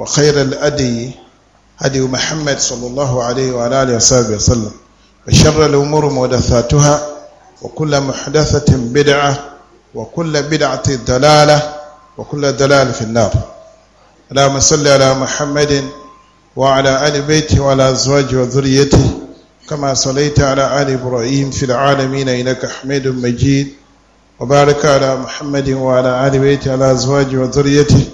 وخير الأدي هدي محمد صلى الله عليه وعلى آله وصحبه وسلم وشر الأمور محدثاتها وكل محدثة بدعة وكل بدعة دلالة وكل دلالة في النار اللهم صل على محمد وعلى آل بيته وعلى أزواجه وذريته كما صليت على آل إبراهيم في العالمين إنك حميد مجيد وبارك على محمد وعلى آل بيته وعلى أزواجه وذريته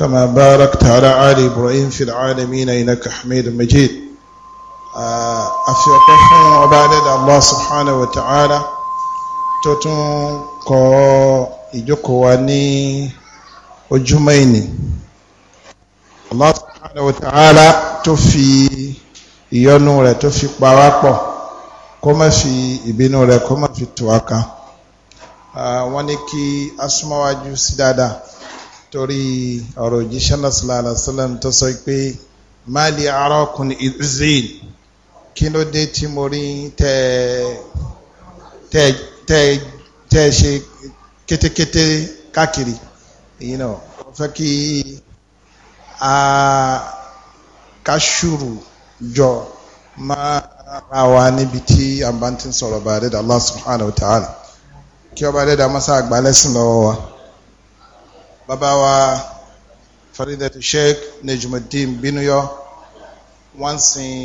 كما باركت على آل إبراهيم في العالمين إنك حميد مجيد أفيقفهم وبعدد الله سبحانه وتعالى تتون كو إجوكواني ojúmọ́ìní Allah subhanahu wa ta'ala tó fi ìyọ́nú rẹ̀ tó fi pawápọ̀ kó má fi ìbínú rẹ̀ kó má fi tù wá kan ah, wọ́n ní kí asúnmọ́wájú sí dáadáa torí ọ̀rọ̀ òjíṣẹ́ náà sallallahu alaihi wasallam tó sọ pé máàlì arákùn israel kí ló dé tí mo rí tẹ́ ṣe kétékété káàkiri èyí náà wọ́n fẹ́ kí a káṣùrù jọ máa ra wa níbi tí a bá ti ń sọ̀rọ̀ bá Allah subhanahu wa ta'ala kí ọba dẹ́dà mọ́sá àgbà lẹ́sìn lọ́wọ́ wa bàbá wa faridatu sheikh nejumudin binuyo wọ́n sin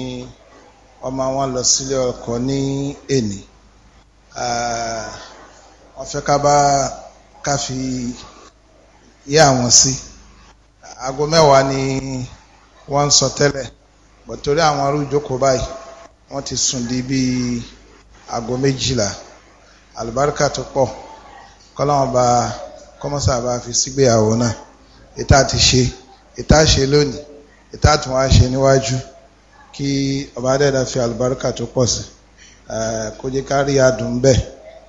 ọmọ wọn lọ sílé ọkọ̀ ní èní wọ́n fẹ́ ká bá ká fi yé àwọn sí aago mẹ́wàá ni wọ́n ń sọ tẹ́lẹ̀ bọ̀ torí àwọn arúgbókòó báyìí wọ́n ti sùn di bíi aago méjìlá àlùbáríkà tó pọ̀ kọ́láwọn kọ́mọ́sà bá fi sígbéyàwó náà ìta ti ṣe ìta ṣe lónìí ìta tún wá ṣe níwájú kí ọba adẹ́dà fi àlùbáríkà tó pọ̀ sí kó jẹ́ ká rí adùn bẹ́ẹ̀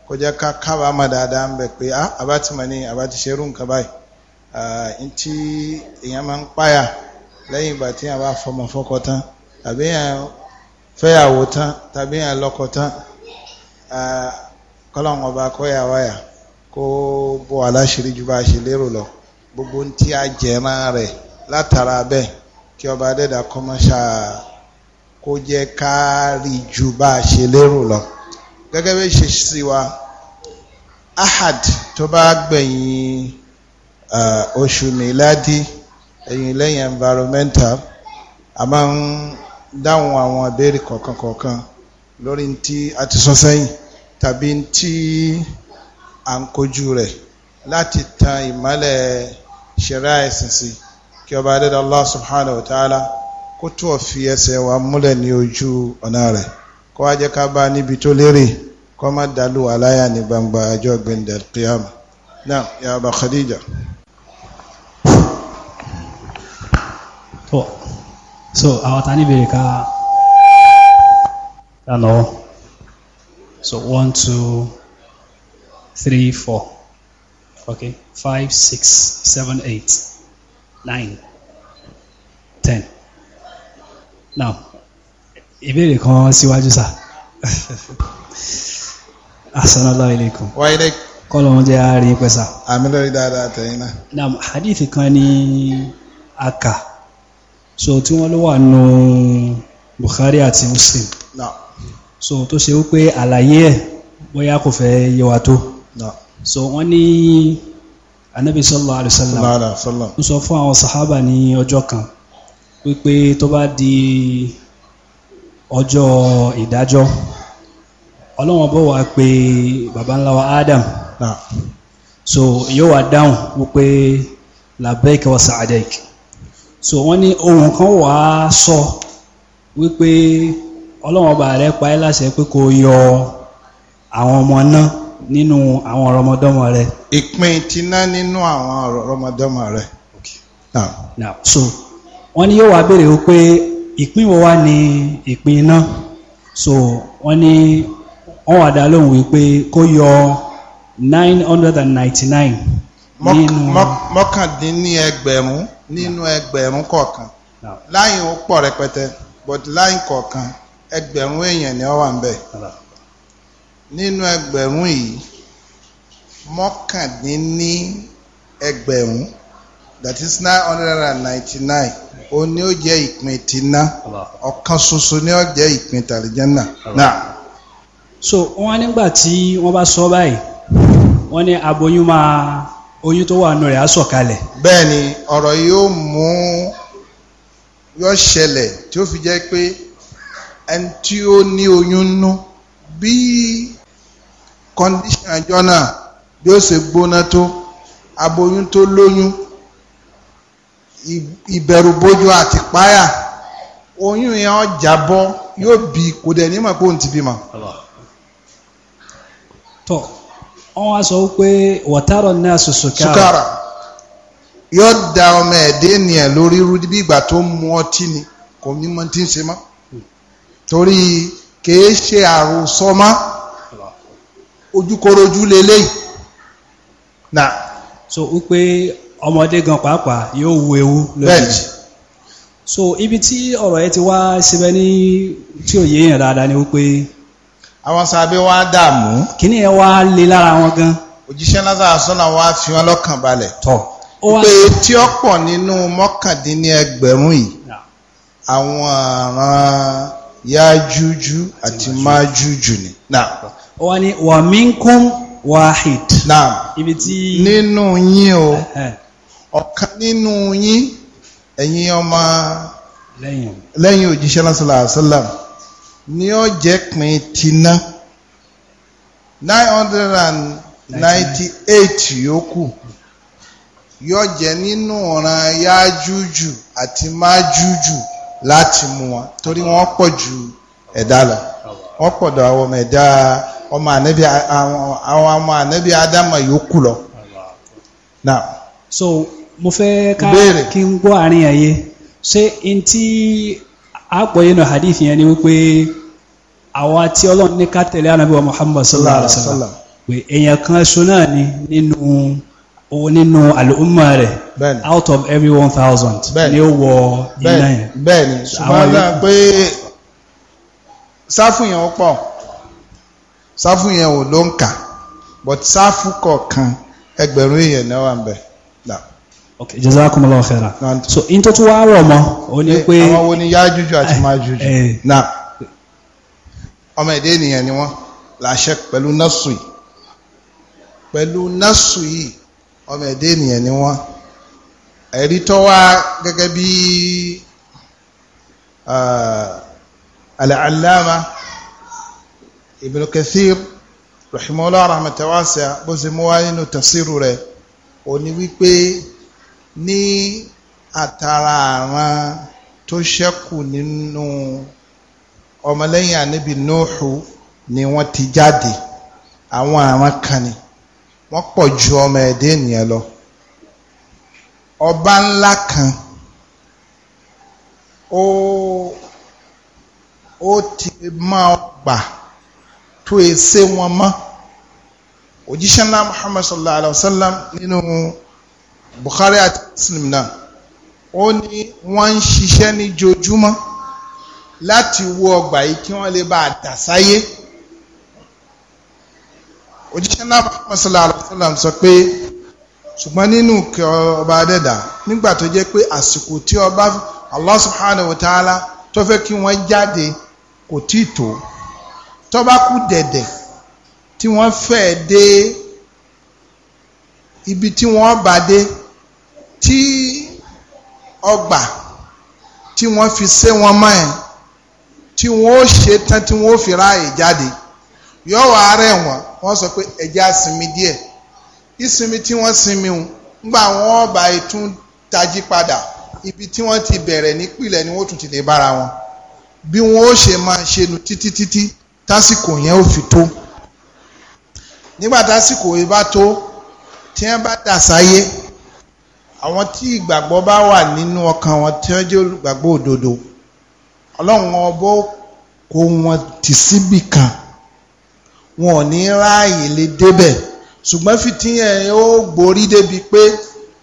kó jẹ́ ká kábàámọ̀ dáadáa ń bẹ̀ pé àbátìmọ̀ ni àbátìṣe rú nǹkan báyìí ntí èèyàn máa ń páyà lẹ́yìn ìgbà tí èèyàn bá fọmọ fọkọ tán tàbí èèyàn fẹ́yàwó tán tàbí èèyàn lọ́kọ tán kọ́lọ́n ọba kọ́yà wáyà kó bó aláṣírí ju bá a ṣe lérò lọ gbogbo ń tí a jẹran rẹ̀ látara bẹ́ẹ̀ kí ọba adẹ́dà kọ́mọ́ṣà kó jẹ́ ká ju bá a ṣe lérò lọ gẹ́gẹ́ bí ṣe sí wa ahad tó bá gbẹ̀yìn oṣù miladi ẹ̀yìn lẹ́yìn environmental a máa ń dáhùn àwọn ìbéèrè kọ̀ọ̀kan kọ̀ọ̀kan lórí ti a ti sọ sẹ́yìn tàbí ti à ń kojú rẹ̀ láti tan ìmọ́lẹ̀ ṣẹ̀rá ẹ̀sìn sí kí ọba adẹ́dàá Allah subhanahu wa ta'ala kó tó fi ẹsẹ̀ wa múlẹ̀ ní ojú ọ̀nà rẹ̀ kó wá jẹ́ ká bá níbi tó lérè kó má dàlú aláyà ní gbangba ọjọ́ gbẹ̀ndẹ̀ kíyàmù náà ya Aba Khadija. so àwọn ta níbi ká lánàá so one two three, four. Okay, five, six, seven, eight, nine, ten. Now, ìbéèrè kan síwájú sá. Asalaamu alaykum. Wa ilé. Kọ́lọ̀ wọn jẹ́ àárín pẹ̀sà. Àmì lórí dáadáa tẹ̀yìn náà. Naam, hadith kan ní Aka. So tí wọ́n ló wà nù Bukhari àti Muslim. Naam. So tó ṣe wípé àlàyé ẹ̀ bóyá kò fẹ́ yé wa tó so wọ́n ní anabi sallallahu alayhi wa sallam ń sọ fún àwọn sahaba ní ọjọ́ kan wípé tó bá di ọjọ́ ìdájọ́ ọlọ́wọ́n bọ̀ wá pé baba ńlá wa adam so yóò wá dáhùn wípé labbaik wa sa'adaik so wọ́n ní ohun kan wà á sọ wípé ọlọ́wọ́n bá rẹ̀ pa ẹ́ láṣẹ pé kó yọ àwọn ọmọ náà. nínú àwọn ọ̀rọ̀mọdọ́mọ rẹ. ìpín tiná nínú àwọn ọ̀rọ̀mọdọ́mọ rẹ. now so wọ́n ní yóò wá béèrè wípé ìpín wo wá ní ìpín iná so wọ́n ní wọ́n wà dá lóhùn wípé kó yọ nine hundred and ninety nine nínú. mọ́kàndínlẹ́gbẹ̀rún nínú ẹgbẹ̀rún kọ̀ọ̀kan láyìn ó pọ̀ rẹpẹtẹ but láyìn kọ̀ọ̀kan ẹgbẹ̀rún èèyàn ni ó wà ń bẹ̀. nínú ẹgbẹ̀rún yìí mọ́kàndínní ẹgbẹ̀rún that is nine hundred and ninety-nine ó ní ó jẹ́ ìpín tìǹà ọ̀kan ṣoṣo ní ó jẹ́ ìpín tàlìjánà náà. so wọ́n nígbà tí wọ́n bá sọ báyìí wọ́n ní aboyún máa oyún tó wà nù rẹ̀ á sọ̀kalẹ̀. bẹ́ẹ̀ni ọ̀rọ̀ yóò mú yọ ṣẹlẹ̀ tí ó fi jẹ́ pé ẹni tí ó ní oyún nú. No bí kọ́ndíṣàn àjọ náà bí ó ṣe gbóná tó aboyún tó lóyún àti páyà oyún yẹn ọjà bọ́ yóò bí kò dẹ̀ ní kò pé ti bímọ. tọ́ wọ́n wá sọ pé wọ́tárọ̀ náà sọ sùkárà. yóò da ọmọ ẹ̀dẹ́ lórí bí ìgbà tó mu ọtí ni kò ní mọ tí ń torí kìí ṣe àròsọ mọ́ ojúkorojú leléyìí. na so wípé ọmọdé gan pàápàá yóò wu ewu lójijì so ibi tí ọ̀rọ̀ yẹn ti wá síbẹ̀ ní tí ò yé èèyàn dáadáa ni wípé. àwọn sábẹ́ wá dààmú. kíní ẹ wá lé lára wọn gan. òjíṣẹ́ lásán sọ́nà wá fi wọn lọ́kàn balẹ̀. tọ́ pé tí ó pọ̀ nínú mọ́kàndínlẹ́gbẹ̀rún yìí àwọn àrùn Yájújú àti Májújú ni. Ó wá ní wa minkum wahid. Ibi tí. Nínú yín o, ọ̀kan nínú yín, ẹ̀yin ọmọ lẹ́yìn òjíṣẹ́ lásìlá àṣálà ni ó jẹ́ pin tiná nine hundred and ninety eight yòókù yóò jẹ́ nínú ọ̀ràn Yájújú àti Májújú. láti mú wọn torí wọn pọ̀ ju ẹ̀dá lọ wọ́n pọ̀ àwọn ọmọ ẹ̀dá ọmọ ànábì àwọn ọmọ lọ. so mo fẹ́ ká kí n gbọ́ àárín ayé ṣé n hadith yẹn ni wípé àwa tí ọlọ́run ní ká muhammad sallallahu wa sallam pé èèyàn kan owó nínú àlùmọ́ rẹ̀ out of every one thousand ni ó wọ iná yẹn. ṣùgbọ́n dáa pé sáfù yẹn ó pọ̀ sáfù yẹn ò ló ń kà but sáfù kọ̀ọ̀kan ẹgbẹ̀rún èèyàn náà wà ń bẹ̀. ok jazakumullahu khairan so in tó tún wá rọ̀ mọ́ ó ní pé àwọn wo ni Yájújù àti Májújù eh, eh. náà ọmọ èdè ènìyàn ni wọ́n làṣẹ pẹ̀lú násù yìí pẹ̀lú násù yìí ọmọ ẹ̀dẹ́ ènìyàn ni wọ́n ẹ̀rí tó wá gẹ́gẹ́ bí ah, al-allama ibn kathir rahimahullah rahmatan wasi'a bó ṣe mú wá nínú tafsiru rẹ̀ ó ní wípé ní àtàrà àrán tó ṣẹ́kù nínú ọmọlẹ́yìn ànábì nóòhù ni wọ́n ti jáde àwọn àrán kan ni wọ́n pọ̀ ju ọmọ ẹ̀dẹ́ ènìyàn lọ ọba ńlá kan ó ó ti máa gbà tó èsè wọn mọ́ òjíṣẹ́ ńlá Muhammad sallallahu alayhi wa sallam nínú Bukhari àti Muslim náà ó ní wọ́n ń ṣiṣẹ́ ní jojúmọ́ láti wo ọgbà yìí kí wọ́n lè bá a dà sáyé òjíṣẹ́ náà Muhammad sallallahu alaihi wasallam sọ pé ṣùgbọ́n nínú kí ọba adẹ́dà nígbà tó jẹ́ pé àsìkò tí ọba Allah subhanahu wa ta'ala tó fẹ́ kí wọ́n jáde kò tí tó tó bá kú dẹ̀dẹ̀ tí wọ́n fẹ́ dé ibi tí wọ́n bá dé tí ọgbà tí wọ́n fi sé wọn mọ́ ẹ̀ tí wọ́n ṣe tán tí wọ́n fi ráàyè jáde yọ wà arẹ wọn wọ́n sọ pé ẹjẹ asinmi díẹ̀ ìsinmi tí wọ́n sinmi ń gbà wọ́n bá ìtún tají padà ibi tí wọ́n ti bẹ̀rẹ̀ nípìlẹ̀ ni wọ́n tún ti lè bára wọn bí wọ́n ó ṣe máa ṣe nu títí títí tásìkò yẹn ò fi tó nígbà tásìkò yẹn bá tó tí wọ́n bá dà sáyé àwọn tí ìgbàgbọ́ bá wà nínú ọkàn wọn tí wọ́n jẹ́ olùgbàgbọ́ òdodo ọlọ́run ọbọ̀ kó wọn tì síbì kan wọn ò ní ráàyè lè débẹ̀ ṣùgbọ́n fìtíyà yẹn ó gborí débi pé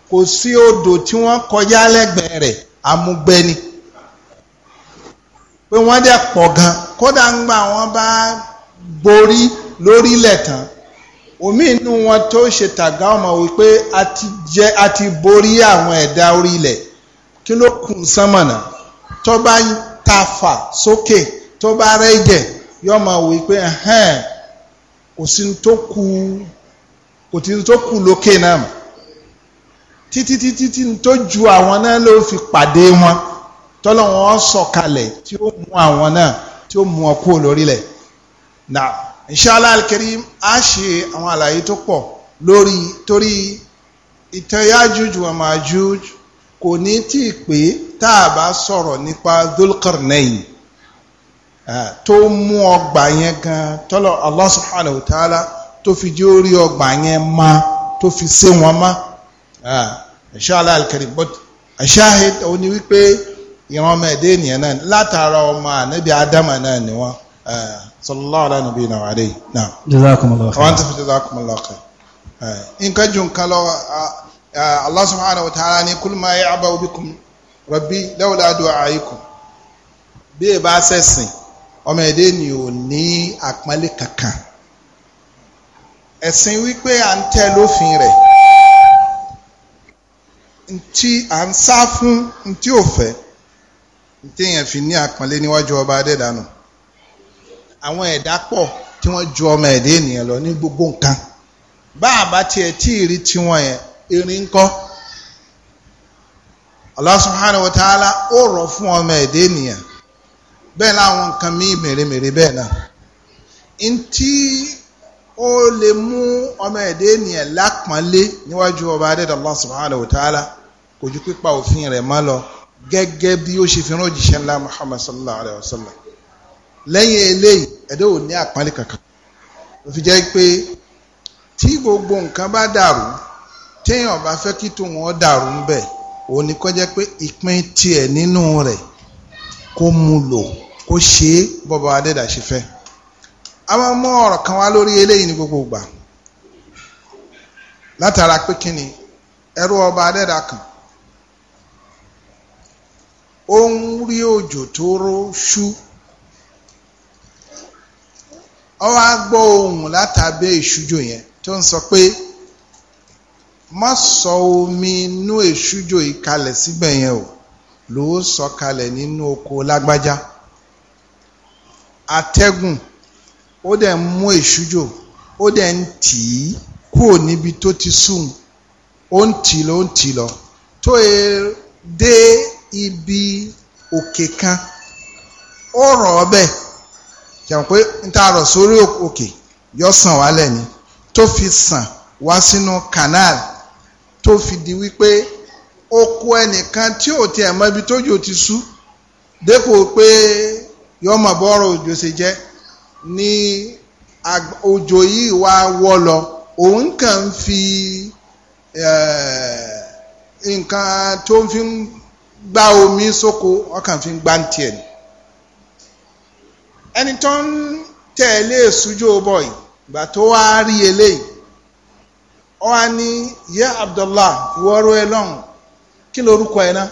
kò sí odò tí wọ́n kọjá lẹ́gbẹ̀ẹ́ rẹ̀ amúgbẹ́ni pé wọ́n dẹ̀ pọ̀ gan kódà ń gbà wọ́n bá borí lórílẹ̀ tán omi inú wọn tó ṣe tàgá ọmọ wípé a ti borí àwọn ẹ̀dá orílẹ̀ kí ló kù sánmọ̀nà tó bá ta fà sókè tó bá rẹ́jẹ̀ yọmọ wípé hẹ́n kò sí tó kù kò tí tó kù lókè náà mọ̀ títí títí tí tó ju àwọn náà ló fi pàdé wọn tọ́lọ́ wọn sọ̀kalẹ̀ tí ó mú àwọn náà tí ó mú ọ kúrò lórílẹ̀ náà inshallah alkarim á ṣe àwọn àlàyé tó pọ̀ lórí torí ìtẹ̀yájújù wa májújù kò ní tí ì pé tá a bá sọ̀rọ̀ nípa Dhul Qarnayn Ah, tó mú ọgbà yẹn gan tọ́lọ̀ Allah subhanahu wa ta'ala tó fi jẹ́ orí ọgbà yẹn ma tó fi sé wọn ma ah, inshallah al-karim but ashahid òun ni wípé ìran ọmọ ẹ̀dẹ́ ènìyàn náà látara ọmọ ànábì ádámà náà ni wọ́n ah, sallallahu ala nabiyina wa alayhi náà. jazakumullahu khair. àwọn tó fi jazakumullahu khair. nǹkan jù nǹkan lọ Allah subhanahu wa ta'ala ni kul ma ya'ba'u bikum rabbi lawla du'aikum bí ẹ bá sẹ́sìn ọmọ ẹ̀dẹ́ ni ò ní àpọ́nlé kankan ẹ̀sìn wípé à ń tẹ́ lófin rẹ̀ ntí à ń sá fún ntí ò ntí yẹn fi ní níwájú ọba adẹ́dànù àwọn ẹ̀dá pọ̀ tí wọn ju ọmọ ẹ̀dẹ́ lọ ní gbogbo nǹkan bá a bá tí ì rí tiwọn yẹn fún ọmọ bẹ́ẹ̀ láwọn nǹkan míì mèremère bẹ́ẹ̀ náà ntí ó lè mú ọmọ ẹ̀dẹ́ ènìyàn lápọ́nlé níwájú ọba adẹ́dàá Allah subhanahu wa ta'ala kò ju pípa òfin rẹ̀ mọ́ lọ gẹ́gẹ́ bí ó ṣe fi rán òjíṣẹ́ ńlá Muhammad sallallahu alayhi wa sallam lẹ́yìn eléyìí ẹ̀dẹ́ ò ní àpọ́nlé kankan ló fi jẹ́ pé tí gbogbo nǹkan bá dàrú téèyàn bá fẹ́ kí tòun ó dàrú ń bẹ̀ òun ni kó jẹ́ pé ìpín tiẹ̀ nínú rẹ̀ kó mu lò kó ṣe é bọ́ba adẹ́dà ṣe fẹ́ a máa mú ọ̀rọ̀ kan wá lórí eléyìí ní gbogbo ìgbà látara pé kí ni ẹrú ọba adẹ́dà kan ó ń rí òjò tó ró ṣú ó wá gbọ́ ohùn látàbẹ́ ìṣújò yẹn tó ń sọ pé má sọ omi inú ìṣújò yìí kalẹ̀ síbẹ̀ yẹn o ló sọ̀kalẹ̀ nínú oko lágbájá atẹ́gùn ó dẹ̀ ń mú èṣújò ó dẹ̀ ń tì í kúrò níbi tó ti sùn ó ń tì lọ ó ń tì lọ tó e dé ibi òkè kan ó rọ̀ ọ́ bẹ́ẹ̀ jẹun pé n ta rọ̀ sórí òkè yọ sàn wálẹ̀ ni tó fi sàn wá sínú canal tó fi di wípé oku ẹnìkan tí ò tiẹ̀ mọ ibi yóò ti sú dépò pé yọmọ bọ́rọ̀ òjò ṣe jẹ́ ní òjò yìí wá wọ́ lọ òun kàn ń fi nǹkan tó fi gba omi sóko ọkàn fi ń gbá tiẹ̀ ni ẹni tó ń yìí gbà tó wá rí eléyìí ọ wá ní ẹ lọ́hùn kí lorúkọ ẹ ná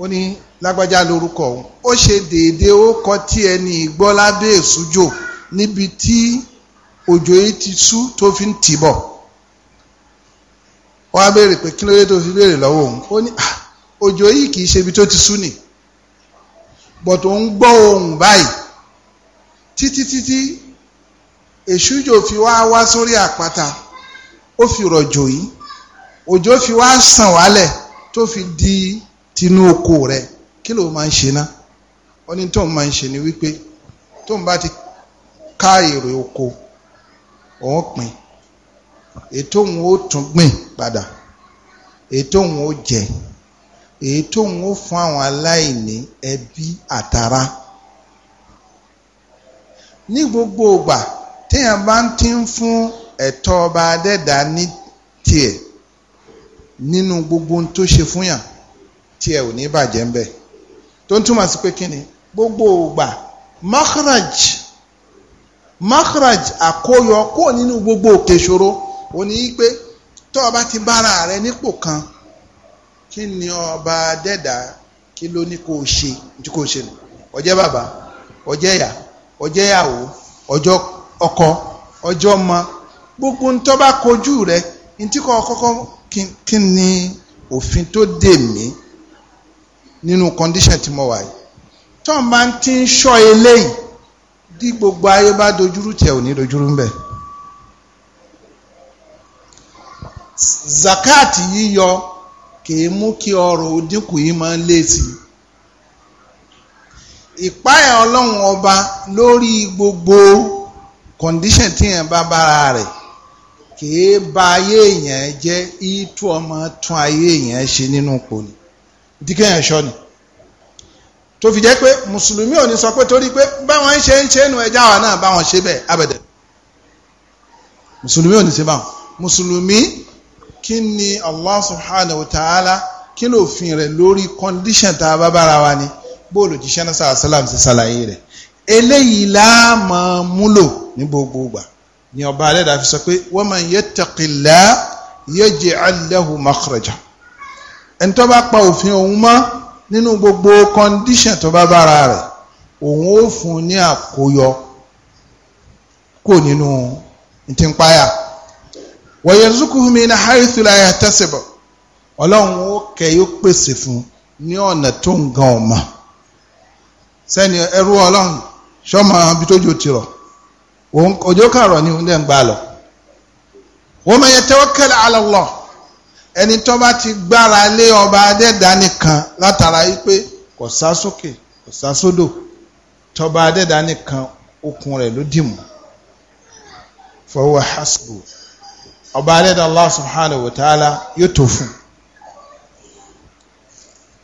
ó ní lágbájá lorúkọ òun ó ṣe déédéé ó kọ tí ẹni ìgbọ́ lábẹ́ èsújò níbi tí òjò yìí ti sú tó fi ń tì bọ̀ wọ́n á béèrè pé kí ló dé tó fi béèrè lọ́wọ́ òun ó ní ah, òjò yìí kì í ṣe ibi tó ti sú ni bọ̀tò ń gbọ́ ohùn báyìí títí títí èsújò fi wá wá sórí àpáta ó fi rọ̀jò yìí òjò fi wá sàn wálẹ̀ tó fi di tinú oko rẹ̀ kí ló máa ń ṣe ná ó ní tóun máa ń ṣe ni wípé tóun bá ti ká èrè oko òun pín ètò òun ó tún gbìn padà ètò òun ó jẹ ètò òun ó fún àwọn aláìní ẹbí àtàrà ní gbogbo ìgbà téèyàn bá ti ń fún ẹ̀tọ́ ọba adẹ́dá ní tiẹ̀ nínú gbogbo ohun tó ṣe fún tí ẹ ò ní bàjẹ́ ń bẹ̀ tó ń túmọ̀ sí pé kí ni gbogbo ògbà makraj makraj àkóyọ kó nínú gbogbo òkè ìṣòro ò ní í pé tó o bá ti bára rẹ nípò kan kí ni ọba dẹ́dà kí ló ní kó o ṣe tí kò ṣe nù ọjẹ́ bàbá ọjẹ́ ìyá ọjẹ́ ìyàwó ọjọ́ ọkọ ọjọ́ ọmọ gbogbo ń tó bá kojú rẹ ní kò kọ́kọ́ kí ni òfin tó dè mí nínú condition tí mo wà yìí tó ń bá ti ń ṣọ́ eléyìí bí gbogbo ayé bá dojúrú tiẹ̀ ò ní dojúrú ń bẹ̀. zakati yíyọ kìí mú kí ọrọ̀ òdínkù yìí máa ń lé sí i ìpáyà ọlọ́run ọba lórí gbogbo condition tí yẹn bá bára rẹ̀ kìí ba ayé èèyàn jẹ́ ìtú ọmọ tún ayé èèyàn ṣe nínú ipò ni ìdíkẹ́yàn ṣọ́ ni tó fi jẹ́ pé mùsùlùmí ò ní sọ pé torí pé báwọn ṣe ń ṣe nu ẹja wa náà báwọn ṣe bẹ́ẹ̀ abẹ́dẹ̀ mùsùlùmí ò ní ṣe báwọn mùsùlùmí kí ni Allah subhanahu wa ta'ala kí ló fi rẹ̀ lórí condition tá a bá bára wa ni bóòlù jíṣẹ́ náà sàlàyé rẹ̀ eléyìí láàmú múlò ní gbogbo ìgbà ni ọba alẹ́dàá fi sọ pé wa man yattaqilla yaj'al lahu makhraja ẹni tó bá pa òfin òun mọ́ nínú gbogbo kọ́ndíṣàn tó bá bára rẹ̀ òun ó fún un ní àkóyọ kò nínú ti ń páyà wa yarzuquhu min haythu la yahtasib ọlọ́run ó kẹ́ yóò pèsè fún ní ọ̀nà tó ń gan ọ̀mà sẹ́ni ẹrú ọlọ́run ṣọ́mọ abitọ́jọ́ tirọ̀ òun òjò kàrọ̀ ni òun dẹ̀ ń gbà lọ. wa man yatawakkal ala Allah ẹni tó bá ti gbára lé ọba adẹ́dá nìkan látara yìí pé kò sá sókè kò sá sódò tọba adẹ́dá nìkan okùn rẹ̀ ló dìmú fa hasbu ọba adẹ́dá Allah subhanahu wa ta'ala yóò tó fún un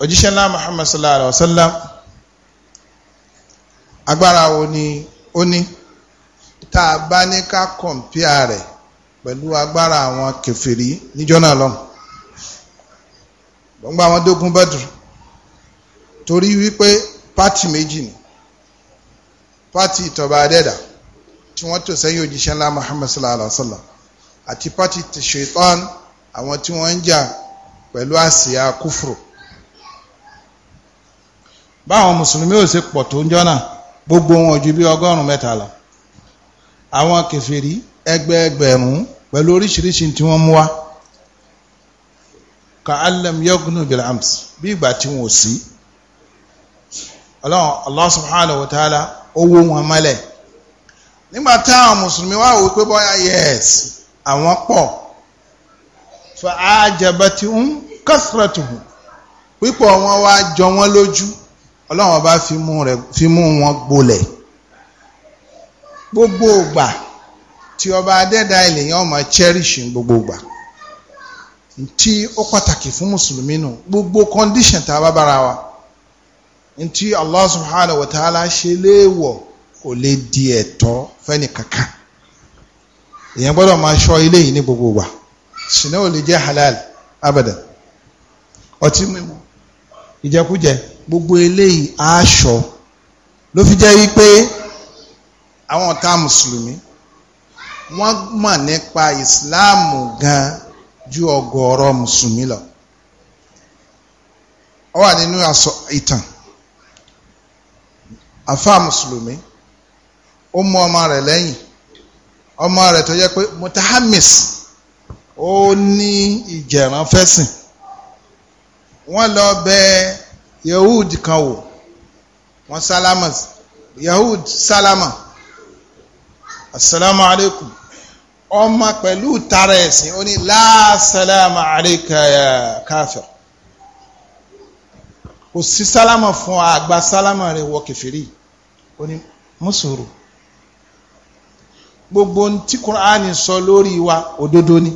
òjíṣẹ́ Muhammad sallallahu alaihi wa sallam agbára wo ni ó ní tá a bá ní ká kọ̀m̀pìà rẹ̀ pẹ̀lú agbára àwọn kèfèrí níjọ́ náà lọ́hùn gbọ́ngbà àwọn dógún bẹ́dùn torí wípé pátì méjì ni pátì ìtọ́ba adẹ́dà tí wọ́n tò sẹ́yìn òjíṣẹ́ ńlá Muhammad sallallahu alaihi wa sallam àti pátì ṣetán àwọn tí wọ́n ń jà pẹ̀lú àsíá kúfùrù báwọn mùsùlùmí ò ṣe pọ̀ tó ń jọ́nà gbogbo wọn ju bí ọgọ́rùn-ún mẹ́ta lọ àwọn kèfèrí ẹgbẹẹgbẹ̀rún pẹ̀lú oríṣiríṣi tí wọ́n mú wá ka alam yogunu bil ams bí ìgbà tí wọn ò sí ọlọ́run allah subhanahu wa ta'ala owó wọn mọ́lẹ̀ nígbà táwọn mùsùlùmí wá wò pé bọ́yá yes àwọn pọ̀ fa ajabatihum kasratuhum pípọ̀ wọn wá jọ wọn lójú ọlọ́run bá fi mú wọn gbolẹ̀. gbogbo ògbà tí ọba adẹ́dá ènìyàn máa cherish gbogbo ògbà ntí ó pàtàkì fún mùsùlùmí nù gbogbo condition tá a bá bára wa ntí Allah subhanahu wa ta'ala ṣe léèwọ̀ kò lè di ẹ̀tọ́ fẹ́ni kankan èèyàn gbọ́dọ̀ máa ṣọ ilé yìí ní gbogbo ògbà ò lè jẹ́ halal ọtí gbogbo eléyìí aṣọ ló fi jẹ́ àwọn ọ̀tá mùsùlùmí wọ́n mọ̀ nípa ìsìláàmù gan ju ọ̀gọ̀ọ̀rọ̀ mùsùlùmí lọ ó wà nínú àsọ ìtàn àfa mùsùlùmí ó mú ọmọ rẹ̀ lẹ́yìn ọmọ rẹ̀ tó jẹ́ pé mutahamis ó ní ìjẹ̀ràn fẹ́sìn wọ́n lọ bẹ̀ yahud kan wò wọ́n sálámà yahud sálámà asalaamu aleykum ọmọ pẹ̀lú tara ẹ̀sìn ó ní láàsálàmà àríkàyà káfẹ́ kò sí sálámà fún àgbà sálámà rẹ̀ wọ kẹfìrí ó ní mùsùlùmí gbogbo tí kùránì sọ lórí wa òdodo ni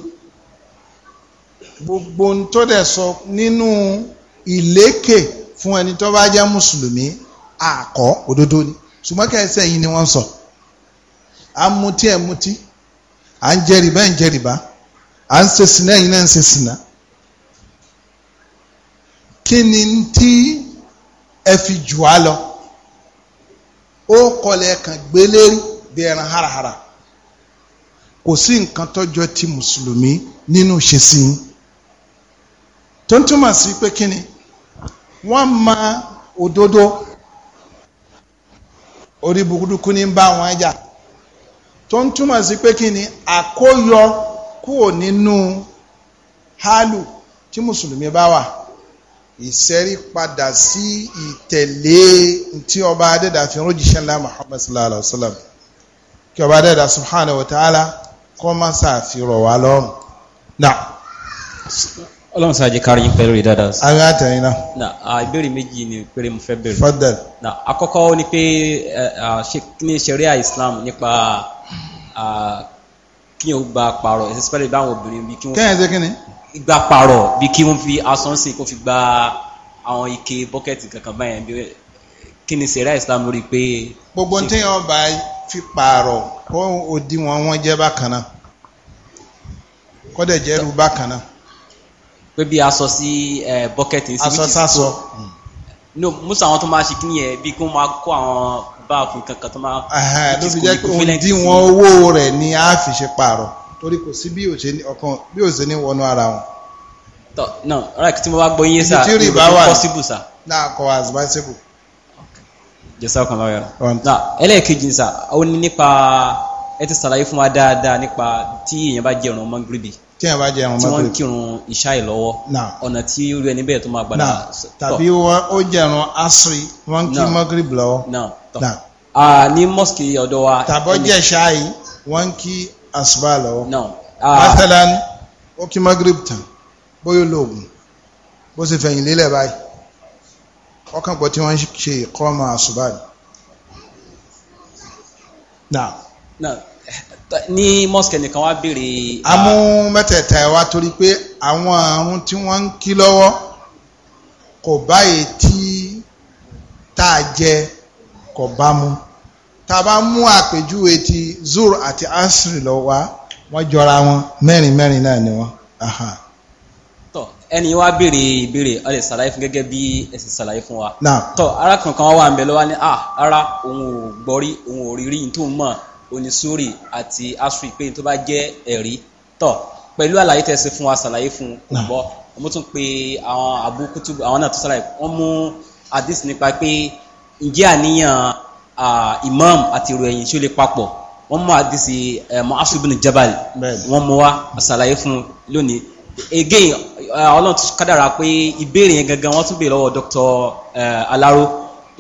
gbogbo tó dẹ̀ sọ nínú ìlékè fún ẹni tó bá jẹ́ mùsùlùmí àkọ́ òdodo ni ṣùgbọ́n kẹsẹ̀ yìí ni wọ́n sọ. So à ń mutí ẹ̀ mutí à ń jẹ rìbá ẹ̀ ń jẹ rìbá à ń ṣe sinà ẹ̀yin náà ń ṣe sinà kí ni tí ẹ fi jù á lọ ó kọlẹ̀ kan gbélérí bí ẹran harahara kò sí nǹkan tọ́jọ́ ti mùsùlùmí nínú ìṣesí yín tó ń túmọ̀ sí pé kí ni wọ́n ma òdodo orí burúkú ní bá wọn jà. E tó ń túmọ̀ sí pé kí ni àkóyọ kúrò nínú hálù tí mùsùlùmí bá wà ìsẹ́rí padà sí ìtẹ̀lé tí ọba adẹ́dà fi rọ́jìṣẹ́ ńlá Muhammad sallallahu alayhi wa sallam kí ọba adẹ́dà subhanahu wa ta'ala kọ́ má sàfihàn wà lọ́rùn. ọlọ́run sáájú kárí yín pẹ̀lú ìdáda. ara àtẹ̀yìn náà. na ìbéèrè méjì ni péré mo fẹ́ bẹ̀rẹ̀. fọ́dẹ̀l. na àkọ́kọ́ ni pé ṣe ní ṣẹ̀ríà Islam nípa kí o gba pààrọ̀ especially báwọn obìnrin bí kí wọ́n. kẹ́hìn ṣe kí ni. gba pààrọ̀ bí kí wọ́n fi asán sí kó fi gba àwọn ike bọ́kẹ́tì kankan báyẹn bí kí ni sẹ́rà islam lórí pé. gbogbo ní tíyẹn ọba fi pààrọ̀ kó òdiwọ̀n wọn jẹ́ bákan náà kọ́dẹ̀ jẹ́ irú bákan náà. pé bí aṣọ sí bọ́kẹ́tì. aṣọ sásọ. no musa àwọn tó máa ṣe kí ni yẹn bí kó máa kó àwọn bá òfin kankan tó máa. ló fi jẹ́ pé òǹdíwọ̀n owó rẹ̀ ni a fi ṣe pààrọ̀ torí kò sí bí ọkàn bí ò sí ní wọnú ara wọn. tọ náà right tí mo bá gbọ́ yín sá ìròyìn possible sá. náà kọ as bicycle. jésù ọkàn bá yọrọ. náà ẹlẹ́ẹ̀kejì sá ó ní nípa ẹ ti ṣàlàyé fún wa dáadáa nípa tí èèyàn bá jẹun ọmọ gíríbì tí wọn bá jẹ àwọn mọ́tò tí wọ́n kírun ìṣá ìlọ́wọ́ ọ̀nà tí irú ẹni bẹ́ẹ̀ tó máa gbàdá. tàbí ó jẹun asiri wọ́n kí mọ́gírì lọ́wọ́ ní mosque ọ̀dọ̀ wa. tàbọ̀ jẹ́ ṣáàyí wọ́n kí àsùbá lọ́wọ́. masalan ó kí magrib tán bóyá lóògùn bó ṣe fẹ̀yìn lélẹ̀ báyìí ọkàn pọ̀ tí wọ́n ṣe ìkọ́mọ àsùbá ni. ní mosque nìkan wá béèrè. a mú mẹ́tẹ̀ẹ̀ta ẹ̀ wá torí pé àwọn àrùn tí wọ́n ń kí lọ́wọ́ kò báyìí tí tá a jẹ kò bá mu tá mú àpèjúwe ti zur àti asri lọ wá wọ́n jọra wọn mẹ́rin mẹ́rin náà ni wọ́n. tọ ẹni wá béèrè ìbéèrè ọ lè ṣàlàyé fún gẹ́gẹ́ bí ẹ ṣàlàyé fún wa. tọ ara kankan wà ń bẹ lọ́wọ́ ni ah, ara òun ò gbọ́rí òun ò rí rí tó mọ̀ onisori àti asri pé tó bá jẹ́ ẹ̀rí tọ pẹ̀lú àlàyé tẹ̀sí fún wa ṣàlàyé fún kò gbọ́ mo tún pe àwọn àbúkútù àwọn náà tó ṣàlàyé wọ́n mú àdìs nípa pé ǹjẹ́ àníyàn imam àti ìrò ẹ̀yìn ṣó lè papọ̀ wọ́n mú àdìsí Mu'adh ibn Jabal wọ́n mú wa ṣàlàyé fún lónìí again ọlọ́run ti kádàrà pé ìbéèrè yẹn gangan wọ́n tún béèrè lọ́wọ́ Dr. Alaro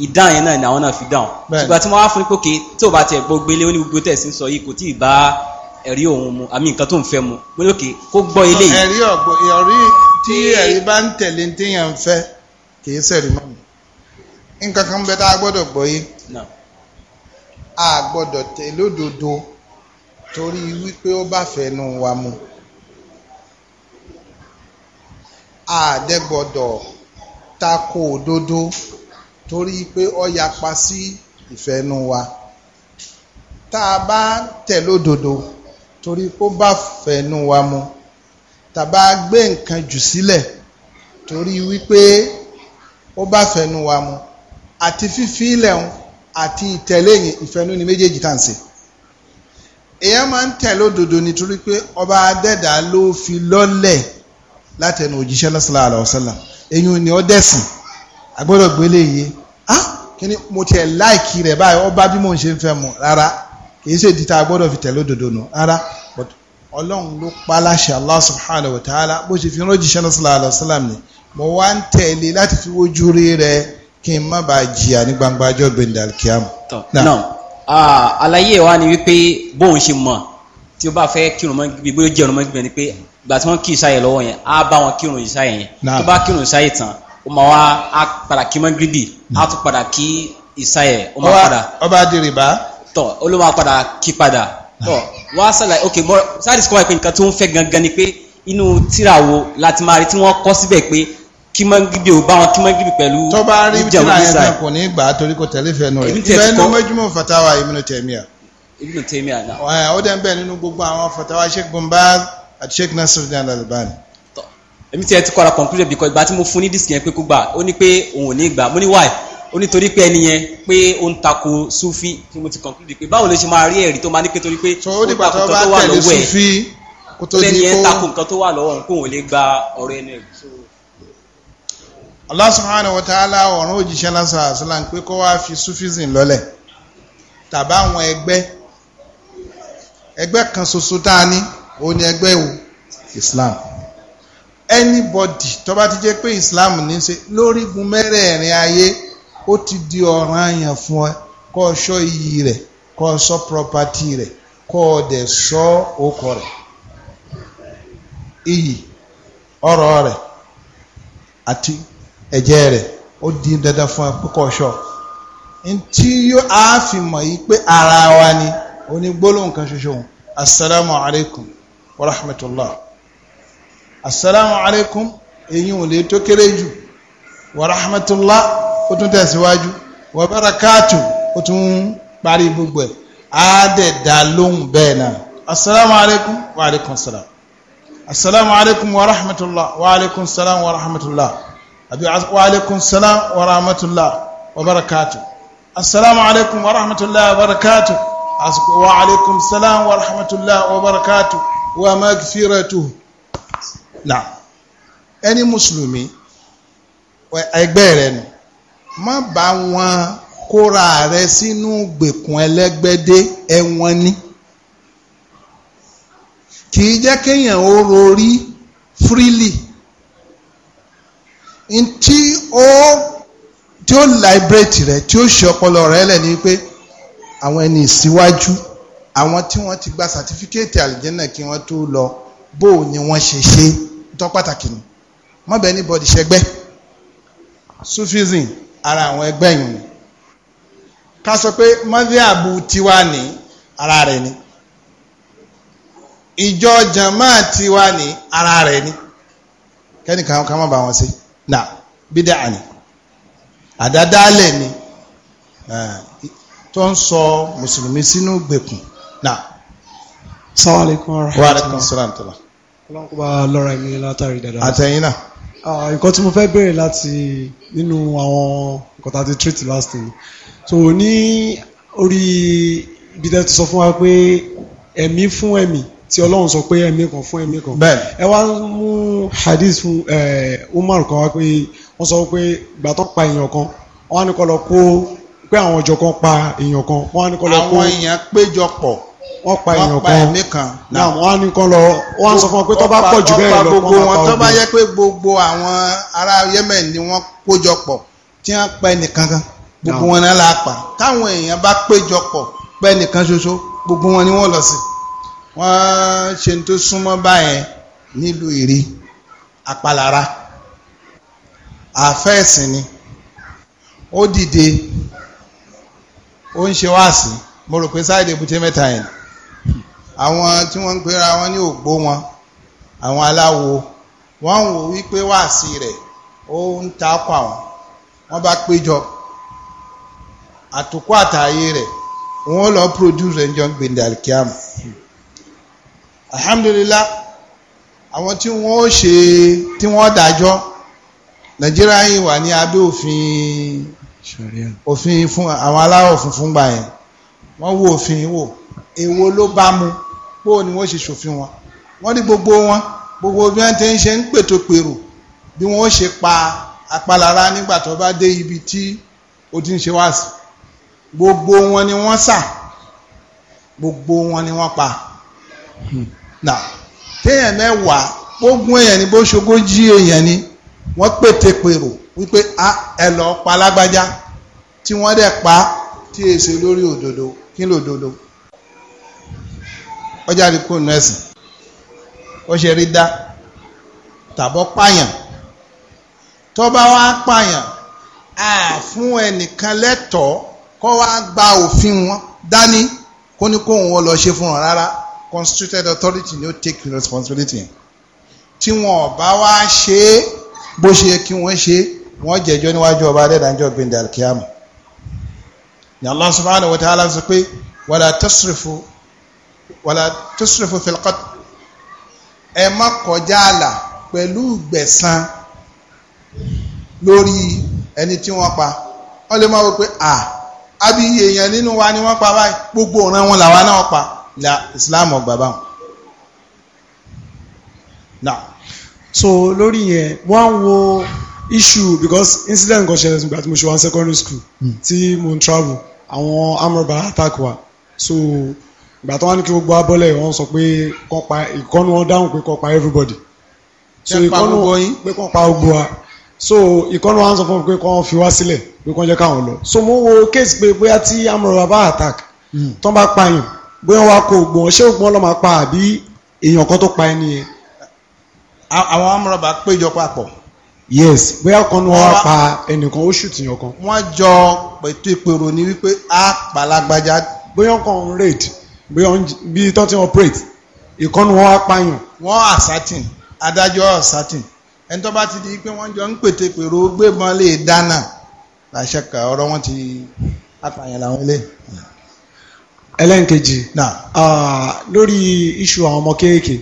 ìdáhùn yẹn náà ni àwọn náà fi dáhùn ṣùgbọ́n tí wọ́n á fún pé kí tó bá tiẹ̀ gbọ́ gbélé ó ní gbogbo tẹ̀sí ń sọ yìí kò tí ì bá ẹ̀rí òun mu àmì nǹkan tó ń fẹ́ mu pé lókè kó gbọ́ eléyìí. ẹ̀rí ọ̀gbọ̀n ẹ̀rí tí ẹ̀rí bá ń tẹ̀lé téèyàn ń fẹ́ kì í sẹ̀rí mọ́ nǹkan kan bẹ tá a gbọ́dọ̀ gbọ́ yé a gbọ́dọ̀ tẹ̀ lódodo torí wípé ó bá wa mu a dẹ̀ gbọ́dọ̀ tako òdodo torí pé ó yapa sí ìfẹ́nu wa tá a bá tẹ̀ lódodo torí pé ó bá fẹnu wa mu tàbá gbé nǹkan jù sílẹ̀ torí wípé ó bá fẹnu wa mu. àti fífi ilẹ̀ ń àti ìtẹ̀lé yẹn ìfẹ́nú ni méjèèjì tá à ń ṣe èèyàn máa ń tẹ̀lé òdodo nítorí pé ọba adẹ́dà ló fi lọ́lẹ̀ látẹnu òjíṣẹ́ sallallahu alaihi wasallam èyí ni ó dẹ̀sìn agbọ́dọ̀ gbélé yìí ah kí ni mo tiẹ̀ láìkì rẹ̀ báyìí ọba bí mò ń ṣe ń fẹ́ mu rárá kìí ṣe ìdí tá a gbọ́dọ̀ fi tẹ̀lé òdodo nù rárá but ọlọ́run ló pa láṣẹ Allah subhanahu wa ta'ala bó ṣe fi rán òjíṣẹ́ sallallahu alaihi ni mo wá ń tẹ̀lé láti fi wojú rí rẹ̀ kí n má bàa jìyà ní gbangba ọjọ́ gbẹ̀ndà kíámù. àlàyé wa ni wípé bóun ṣe mọ̀ tí ó bá fẹ́ kírun mọ́ gbígbé bóyá jẹun mọ́ gbígbé ni pé ìgbà tí wọ́n kí ìsáyè lọ́wọ́ yẹn á bá wọn kírun ìsáyè yẹn tó bá kírun ìsáyè tán ó máa wá á padà kí mọ́gíríbì hmm. á tún padà kí ìsáyè ó máa padà. ọba adìrìbá. tọ ó ló máa padà kí padà ah. tọ wọ́n á sàlàyé ok mọ sáà dìsíkọ́ wa pé nǹkan tó ń fẹ́ gangan ni pé inú tíra wo láti máa rí tí wọ́n kọ́ síbẹ̀ pé kí máa ń gbígbé ò bá wọn kí máa ń gbígbé pẹ̀lú ìjà òkúta. tó bá rí tíra yẹn tán kò ní gbà á torí kò tẹ̀lé fẹ́ nù rẹ̀ ìfẹ́ inú mẹ́jùmọ̀ fatawa Ibn Taymiyyah. Ibn Taymiyyah náà. ó dẹ́n bẹ́ẹ̀ nínú gbogbo àwọn fatawa Sheikh Bin Baz àti Sheikh Nasiruddin Al-Albani. èmi tiẹ̀ ti kọ́ra conclusion bí ìgbà tí mo fún ní disiki yẹn pé kó gbà ó ní pé òun ò ní gbà mo ní why ó ní torí pé ẹni yẹn pé ó ń tako sufi tí mo ti conclude pé báwo ló ṣe máa rí ẹ̀rí tó máa ní pé torí pé ó ń tako tó wà lọ́wọ́ ẹ̀ lẹ́ni yẹn tako nǹkan tó wà lọ́wọ́ òun kóun ò lè gba ọ̀rọ̀ ẹnu ẹ̀. Allah subhanahu wa ta'ala ọ̀run òjíṣẹ́ lásán àṣìlá ń pé kó wá fi sufism lọ́lẹ̀ tàbá àwọn ẹgbẹ́ ẹgbẹ́ kan ṣoṣo tá a ní òun ni ẹgbẹ́ ìwò Islam anybody tó bá ti jẹ́ pé Islam ní ṣe lórígun mẹ́rẹ̀ẹ̀rin ayé ó ti di ọ̀ràn àyàn fún ẹ kó o ṣọ́ iyì rẹ̀ kó o ṣọ́ property rẹ̀ kó o dẹ̀ ṣọ́ okọ̀ rẹ̀ iyì ọ̀rọ̀ rẹ̀ àti ẹ̀jẹ̀ rẹ̀ ó di dandan fún akókò ṣọ́ ntí a fi mọ̀ yìí pé ara wa ni onígbólóhùn kan ṣoṣo assalamu alaikum wa rahmatullah assalamu alaikum èyí ò lè tó kéré jù wa rahmatullah ó tún tẹ̀síwájú wa barakatu ó tún parí gbogbo ẹ̀ á lóhùn bẹ́ẹ̀ náà assalamu wa alaikum salam assalamu wa rahmatullah wa alaikum salam wa rahmatullah àbí wa alaikum salam wa rahmatulah wa barakatu assalamu alaikum wa rahmatulah wa barakatu àsìkò wa alaikum salam wa rahmatulah wa barakatu wa magfiratu na ẹni mùsùlùmí ẹgbẹ́ rẹ̀ nù má bá wọn kóra rẹ̀ sínú gbèkùn ẹlẹ́gbẹ́dé ẹ̀wọ̀n ni kì í jẹ́ kéèyàn ó rorí freely ntí ó tí ó liberate rẹ tí ó ṣe ọpọlọ rẹ lẹ ni pé àwọn ẹni ìsíwájú àwọn tí wọ́n ti gba sàtífíkẹ́ẹ̀tì àlìjẹ́nà kí wọ́n tó lọ bó o ni wọ́n ṣe ṣe tó pàtàkì ni mọ́bẹ̀ anybody ṣẹgbẹ́ sufism ara àwọn ẹgbẹ́ yìí ni ká sọ pé mọ́díàbù tiwa ní ara rẹ̀ ni ìjọ jama tiwa ní ara rẹ̀ ni kẹ́nìkan ká má bá wọn ṣe nà bídà ni àdádálẹ̀ ni tó ń sọ mùsùlùmí sínú gbèkùn nà. assalamu alaikum warahmatullahi ọlọ́run kó bá lọ́ra ẹ̀mí látàrí dáadáa. àtẹ̀yìn náà. nǹkan tí mo fẹ́ bẹ̀rẹ̀ láti nínú àwọn nǹkan tá a ti treat last day so ní orí ibi tẹ́ ti sọ fún wa pé ẹ̀mí fún ẹ̀mí tí ọlọ́run sọ pé ẹ̀mí kan fún ẹ̀mí kan. bẹ́ẹ̀ ẹ wá mú hadith fún Umar kan wá pé wọ́n sọ pé gbàtọ́ pa èèyàn kan wọ́n á ní kọ́ lọ kó pé àwọn ọjọ́ kan pa èèyàn kan wọ́n á ní kọ́ lọ kó. àwọn èèyàn péjọ pọ̀ wọ́n pa èèyàn kan náà wọ́n á ní kọ́ lọ wọ́n á sọ fún wọn pé tó bá pọ̀ jù bẹ́ẹ̀ lọ gbogbo wọn tó bá yẹ pé gbogbo àwọn ará Yemen ni wọ́n kójọ pọ̀ tí wọ́n pa ẹnìkan kan gbogbo wọn náà la pa táwọn èèyàn bá péjọ pọ̀ pẹ́ ẹnìkan wọ́n ṣe tó súnmọ́ báyẹn nílùú ìrí apalara àfẹ́ẹ̀sìn ni ó dìde ó ń ṣe wáàsí mo rò pé sáìdì èbúté mẹ́ta yẹn àwọn tí wọ́n ń pera wọn ní ògbó wọn àwọn aláwo wọ́n ń wò wípé wáàsí rẹ̀ ó ń ta ọkọ̀ àwọn wọ́n bá péjọ àtòkọ́ àtàyè rẹ̀ wọ́n lọ produce rẹ̀ ń jọ gbèndàlì kíámù alhamdulillah àwọn tí wọ́n ó ṣe tí wọ́n dájọ́ nàìjíríà yìí wà ní abẹ́ òfin òfin fún àwọn aláwọ̀ funfun gbà yẹn wọ́n wo òfin wò èwo ló bá mu bó ni wọ́n ṣe ṣòfin wọn wọ́n ní gbogbo wọn gbogbo bí wọ́n ti ń ṣe ń pètò pèrò bí wọ́n ṣe pa apalára nígbà tó bá dé ibi tí o ti ń ṣe wá sí gbogbo wọn ni wọ́n sà gbogbo wọn ni wọ́n pa. Hmm nà téèyàn mẹ́wàá gbógun èèyàn ni bó ṣogójì èèyàn ni wọ́n pètè pèrò wípé a ẹ lọ pa lágbájá tí wọ́n dẹ̀ pa tí èsè lórí òdodo kí ló dodo ọjà rí kó nẹ́sìn ó ṣe rí dá tàbọ̀ pààyàn tó bá pààyàn a fún ẹnìkan lẹ́tọ̀ọ́ kó wá gba òfin wọn dání kó ní kóun wọ́n lọ ṣe fún wọn rárá constituted authority ni ó take responsibility tí wọn ò bá wá ṣe é bó ṣe yẹ kí wọ́n ṣe wọ́n jẹ̀jọ́ níwájú ọba adẹ́dàjọ́ gbẹ̀ndẹ̀ alkiyama ni Allah subhanahu wa ta'ala sọ pé wala tasrifu wala tasrifu fil qatl ẹ má kọjá àlà pẹ̀lú gbẹ̀san lórí ẹni tí wọ́n pa wọ́n lè máa wọ pé à ábí èèyàn nínú wa ni wọ́n pa báyìí gbogbo ọ̀ràn wọn làwa náà pa la islam ọgbà báwọn now so lórí yẹn wọ́n wo issue because incident kan ṣẹlẹ̀ nígbà tí mo ṣe wá secondary school hmm. tí mo ń travel àwọn amọ̀ba attack wa so ìgbà tó wá ní kí gbogbo abọ́lẹ̀ wọn sọ pé kọ́ pa ìkọ́nu wọn dáhùn pé kọ́ everybody so ìkọ́nu pé kọ́ pa gbogbo wa so ìkọ́nu wa ń sọ fún mi pé kọ́ fi wá sílẹ̀ pé kọ́ jẹ́ káwọn lọ so mo wo case pé bóyá tí amọ̀ba attack hmm. tó bá pààyàn bóyá wa kò gbọ́n ṣé ògbọ́n ló máa pa àbí èèyàn kan tó pa ẹni yẹn. àwọn amúrọ̀bà péjọ papọ̀. yes bóyá kan ní wọ́n pa ẹnìkan ó ṣùtìyàn kan. wọ́n jọ pẹ̀tù ìpèrò ní wípé a pàlágbájá. bóyá kan ń raid bóyá bí tó ti operate ìkànnì wọn á pààyàn. wọ́n àsátìn adájọ́ àsátìn ẹni tó bá ti di pé wọ́n jọ ń pètè pèrò gbébọn lè dáná làṣẹ kà ọ̀rọ̀ wọn ti apààyàn làwọn eléyìí ẹlẹ́nkejì lórí iṣu àwọn ọmọ kéékèèké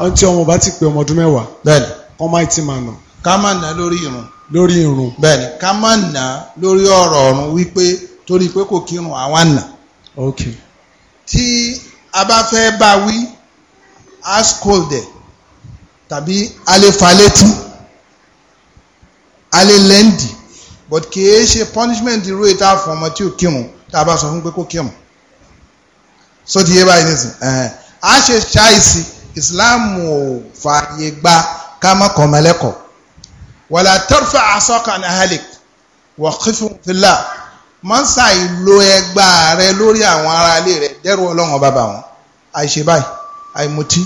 ohun tí ọmọ bá ti pé ọmọ ọdún mẹ́wàá bẹ́ẹ̀ni wọ́n máa ti máa nà. ká má nà lórí irun. lórí irun. bẹ́ẹ̀ni ká má nà lórí ọ̀rọ̀ ọ̀run wípé torí pé kò kírun àwa nà. ok. tí a bá fẹ́ bá wí a tàbí a lè but kì í ṣe punishment irú ètò àfọ̀mọ́ tí ò kírun tá a bá sọ fún pé kò kírun so ti yé báyìí nísìn ẹ̀hẹ́n a ṣe ṣáìsì ìsìláàmù ò fààyè gba ká má kọ́ mẹ́lẹ́kọ̀ọ́ wàlá tẹ́rfẹ́ àsọ́kà ní ahalik wà kífún fìlà mọ́nsá ìlò ẹgbà rẹ lórí àwọn ará ilé rẹ dẹ́rù ọlọ́run bàbá wọn àìṣe báyìí àìmutí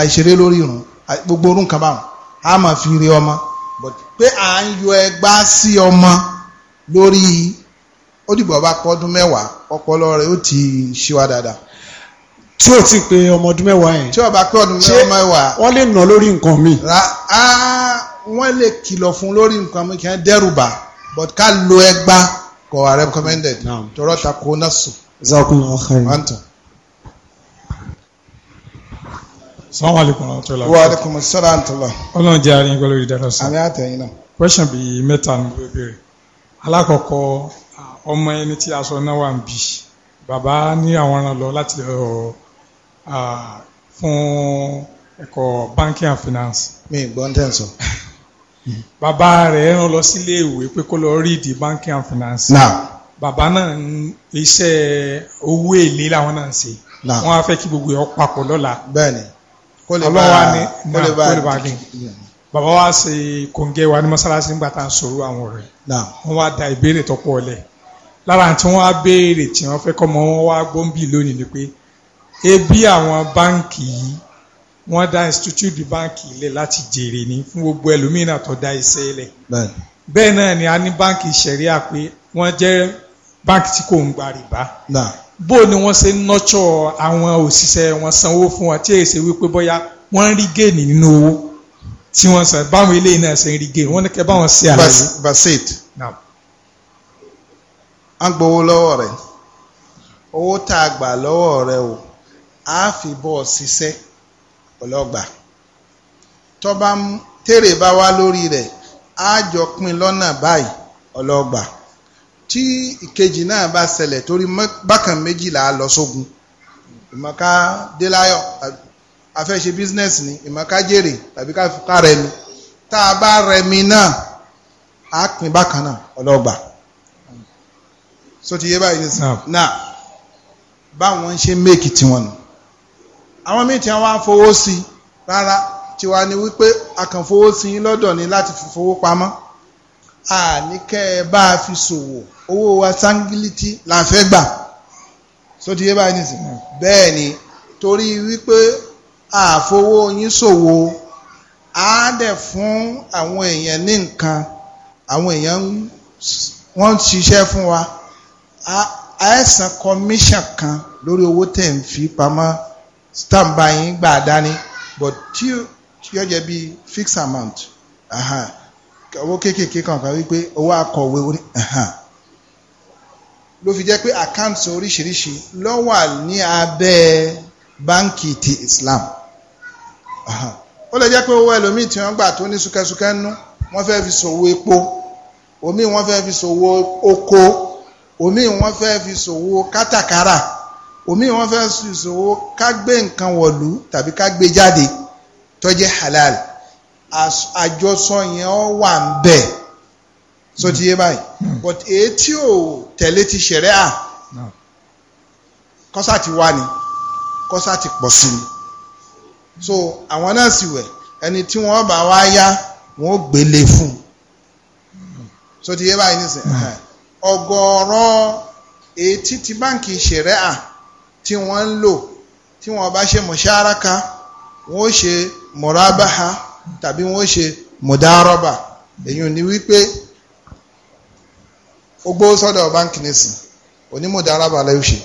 àìṣeré lórí irun gbogbo orun kan báwọn a máa fi rí ọmọ pé à ń yọ ẹgbà sí ọmọ lórí ó dìbò bá pọ́ ọdún mẹ́wàá ọpọlọ rẹ̀ ó ti ṣíwá dáadáa. tí o ti pe ọmọ ọdún mẹ́wàá yẹn. tí o bá pé ọdún mẹ́wàá. wọ́n lè nà lórí nǹkan mi. ra wọ́n lè kìlọ̀ fún lórí nǹkan mi kì í dẹ́rù bà but ká lo ẹgbà kò wà recommended. tọrọ ta kó náà sùn. zakunlọ ọkàn yìí. Assalamu alaikum warahmatullahi wa alaikum assalam tọ́lá. ọlọ́run jẹ́ àárín pẹ̀lú ìdárasí. àmì àtẹ̀yìn náà. question bíi mẹ́ta ni mo bèèrè alákọ̀ọ́kọ́ ọmọ ẹni tí aṣọ náà wà ń bì bàbá ní àwọn ràn lọ láti lọ fún ẹ̀kọ́ banking and finance. mi gbọ́n tẹ̀ sọ. bàbá rẹ̀ rán lọ sílé ìwé pé kó lọ read banking and finance. Na, bàbá náà iṣẹ́ owó èlé làwọn náà ń ṣe. now wọ́n á fẹ́ kí gbogbo ẹ̀ papọ̀ lọ́la. bẹ́ẹ̀ni kó lè bá kó bàbá wa ṣe kòńgẹ́ wa ní mọ́sálásí nígbà tá a sọ̀rọ̀ àwọn ọ̀rẹ́ wọ́n wá da ìbéèrè tó pọ̀ lára tí wọ́n á béèrè tí wọ́n fẹ́ kọ́mọ wọn wá gbóǹbì lónìí ni pé ebi àwọn báǹkì yìí wọ́n dá institute báǹkì ilẹ̀ láti jèrè ní fún gbogbo ẹlòmíràn tó dá iṣẹ́ ilẹ̀ bẹ́ẹ̀ náà ni a ní báǹkì ṣẹ̀ríà pé wọ́n jẹ́ báǹkì tí kò ń gba rìbá bó ni wọ́n ṣe ń nọ́tsọ̀ àwọn òṣìṣẹ́ wọn sanwó fún wọn tí èyí ṣe wípé bóyá wọ́n ń rí géènì nínú owó tí wọ́n san báwọn eléyìí náà ṣe ń rí géènì wọ́n ní kẹ́ báwọn ṣe àlàyé wọ́n gbowó lọ́wọ́ rẹ̀ owó tá a gbà lọ́wọ́ rẹ̀ o á fi bọ́ ọ ṣiṣẹ́ ọlọ́gbà tọ́ba tèrè bá wá lórí rẹ̀ á jọ pín lọ́nà báyìí ọlọ́gbà tí ìkejì náà bá ṣẹlẹ̀ torí bákan méjìlá lọ sógun ìmọ̀ká délayọ̀ afẹ́ bísínẹ́sì ni ìmọ̀ká jèrè tàbí ká rẹmi tá a bá rẹmi náà á pín bákan náà ọlọ́gbà so ti yé báyìí ní sàn náà báwọn ń ṣe méèkì tiwọn nù àwọn míì tí wọn wá fowó sí rárá tiwa ni wípé àkànfowó sí lọ́dọ̀ ni láti fi fowó pamọ́ àníkẹ́ ẹ bá a fi ṣòwò owó wa sángílítì la fẹ́ gbà so ti yé báyìí ní sàn bẹ́ẹ̀ ni torí wípé àfowó yín ṣòwò á dẹ̀ fún àwọn èèyàn ní nǹkan àwọn èèyàn wọ́n ń ṣiṣẹ́ fún wa àìsàn commission kan lórí owó tẹ̀ ń fi pamọ́ stamba yín gbà dání but tí yóò jẹ́ bí fixed amount owó kéékèèké kan kan wípé owó akọ̀wé orí ló fi jẹ́ pé àkáǹtì oríṣiríṣi ló wà ní abẹ́ báǹkì ti Islam ó lè jẹ́ pé owó ẹlòmíì tí wọ́n gbà tó ní súkẹ́súkẹ́ nú wọ́n fẹ́ fi ṣòwò epo omi wọ́n fẹ́ fi ṣòwò oko omi wọ́n fẹ́ fi ṣòwò kátàkárà omi wọ́n fẹ́ fi ṣòwò ká gbé nǹkan wọ̀lú tàbí ká jáde tó halal àjọsọ yẹn wà ń bẹ̀ so ti yé hmm. báyìí hmm. but èyí tí ò tẹ̀lé ti ṣẹ̀rẹ́ à hmm. kọ́sà ti wá ni kọ́sà ti pọ̀ sí ni so àwọn náà sì wẹ̀ ẹni tí wọ́n bá wá yá wọ́n gbélé fún un so ti yé báyìí nísìnyí ọ̀gọ̀ọ̀rọ̀ ètí ti báǹkì ṣẹ̀rẹ́à tí wọ́n ń lò tí wọ́n bá ṣe mùṣáraka wọ́n ó ṣe mùrábáhà tàbí wọ́n ó ṣe mùdárọ́bà èyí ò ní wípé ó gbó sọ́dọ̀ báǹkì nísìn onímùdárọ́bà lẹ́yìn ṣe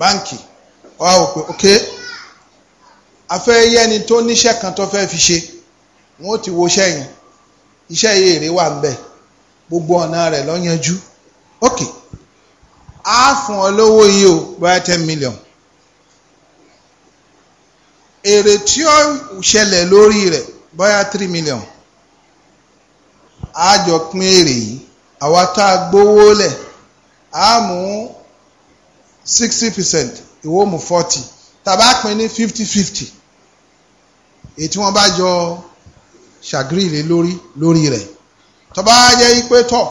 báǹkì wá ò pé ok afẹ́ tó níṣẹ́ kan tó fẹ́ fi ṣe wọ́n ti wo iṣẹ́ yẹn èrè wà ń bẹ́ẹ̀ gbogbo ọ̀nà rẹ̀ ló yanjú ok á fún ọ lówó yìí o bóyá ten million èrè tí ó ṣẹlẹ̀ lórí rẹ̀ bóyá three million á jọ pín èrè yìí àwa tá a gbowó lẹ̀ á mú sixty percent ìwọ mú forty tàbá pín ní fifty fifty èyí tí wọ́n bá jọ ṣàgírì lé lórí lórí rẹ̀ tọ́ba jẹ́ pé tọ̀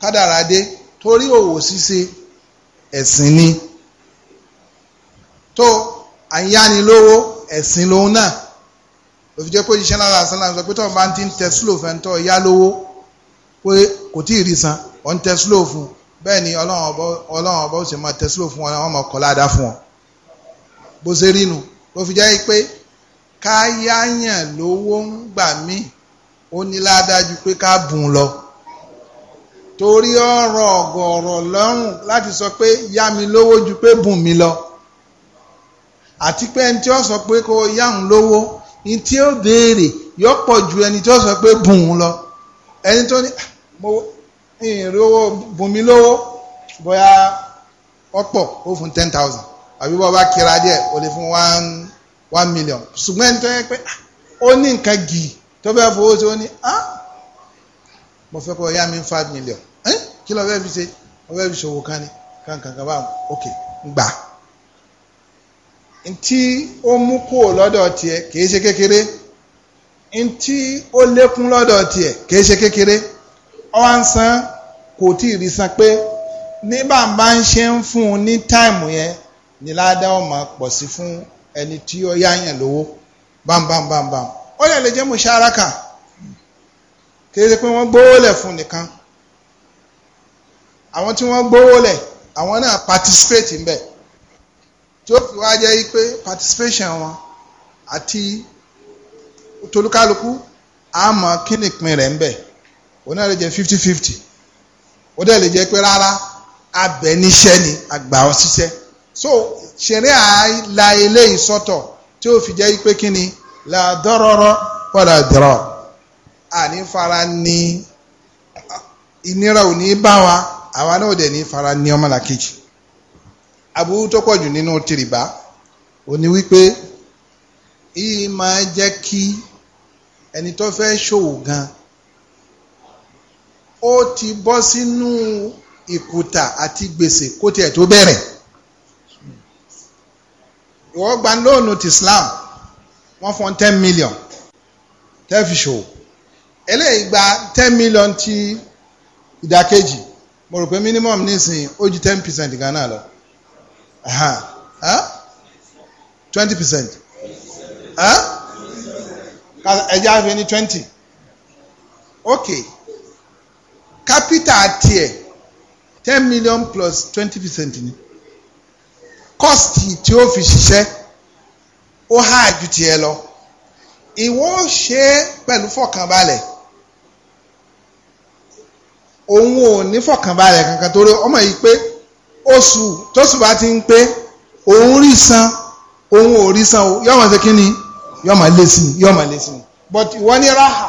kádàrá dé torí òwò ṣíṣe ẹ̀sìn ni tó àyánilówó ẹ̀sìn lòun náà òfìjẹ́ pé òṣìṣẹ́ lára àṣà náà sọ pé tọ́ba ti ń tẹ slow fẹ́ntọ́ ìyá lówó pé kò tí ì rí san ọ̀ ń tẹ slow fún bẹ́ẹ̀ ni ọlọ́run ọba ó sì máa tẹ slow fún wọn ọmọ ọkọ̀ ládàá fún wọn bó ṣe rí nu òfìjẹ́ pé káyáyàn lówó ń gbà míì ó ní ládájú pé ká bùn lọ torí ọ̀rọ̀ ọ̀gọ̀ọ̀rọ̀ lọ́rùn láti sọ pé yá mi lówó ju pé bùn mi lọ àti pé ẹni tí ó sọ pé kó yáhùn lówó ní tí ó béèrè yóò pọ̀ ju ẹni tí ó sọ pé bùn lọ ẹni tó ní ah, mo ìrìn owó bùn mi lówó bóyá ọ̀pọ̀ ó fún ten thousand àbí bọ́ bá kíra díẹ̀ ó lè fún one one million ṣùgbọ́n ẹni tó yẹ pé ah, ó ní nǹkan gìí tó fẹ́ fowó sí ó ní ah mo fẹ́ kọ́ ya mi five million ẹ́ eh, kí ló fẹ́ fi ṣe mo fẹ́ fi ṣòwò kan ni kankan kan báwọn ok gbà ntí ó mú kó lọ́dọ̀ tiẹ̀ kìí ṣe kékeré ntí ó lékún lọ́dọ̀ tiẹ̀ kìí ṣe kékeré ọwọ́ ń san kò tí ì rí san pé ní bàbá ń ṣe ń fún un ní táìmù yẹn ni ládàá ọmọ pọ̀ sí fún ẹni tí ó yáyàn lówó bámbámbámbám ó lè lè jẹ́ mùsáraka kìí ṣe pé wọ́n gbówó lẹ̀ fún nìkan àwọn tí wọ́n gbówó àwọn náà participate ń bẹ̀ tí ó fi wá jẹ́ pé participation wọn àti tolúkálukú àmọ́ kí ni ìpín rẹ̀ ń bẹ̀ náà lè jẹ́ fifty fifty ó dẹ̀ lè jẹ́ pé rárá abẹniṣẹ́ ni àgbà ọ̀ṣiṣẹ́ so ṣeré àìla eléyìí sọ́tọ̀ tí ó fi jẹ́ pé kí ni La wọ́lá dọ́rọ́ àní fara ní ìnira ò ní bá wa àwa náà dẹ̀ ní fara ní ọmọlàkejì aburú tó pọ̀ jù nínú tìrìbá ò ní wípé yìí máa jẹ́ kí ẹni tó fẹ́ ṣòwò gan ó ti bọ́ sínú ìkùtà àti gbèsè kó tiẹ̀ tó bẹ̀rẹ̀ ìwọ gba ti Islam wọ́n fọ́n ten million tẹ́fì ṣòwò eléyìí gba ten million ti ìdàkejì mo rò pé minimum nísìnyí ó ju ten percent Ghana lọ twenty percent ẹja fẹ́ ní twenty ok capital tiẹ̀ ten million plus twenty percent ni cost tí ó fi ṣiṣẹ́. ó hà ju tiẹ̀ lọ ìwọ ṣe é pẹ̀lú fọkànbalẹ̀ òun ò ní fọkànbalẹ̀ kankan torí ọmọ yìí pé oṣù tóṣù bá ti ń pé òun rí san òun ò rí san o yọmọ ṣe kí ni yọmọ lé sí ni yọmọ lé sí ni but ìwọ ní raha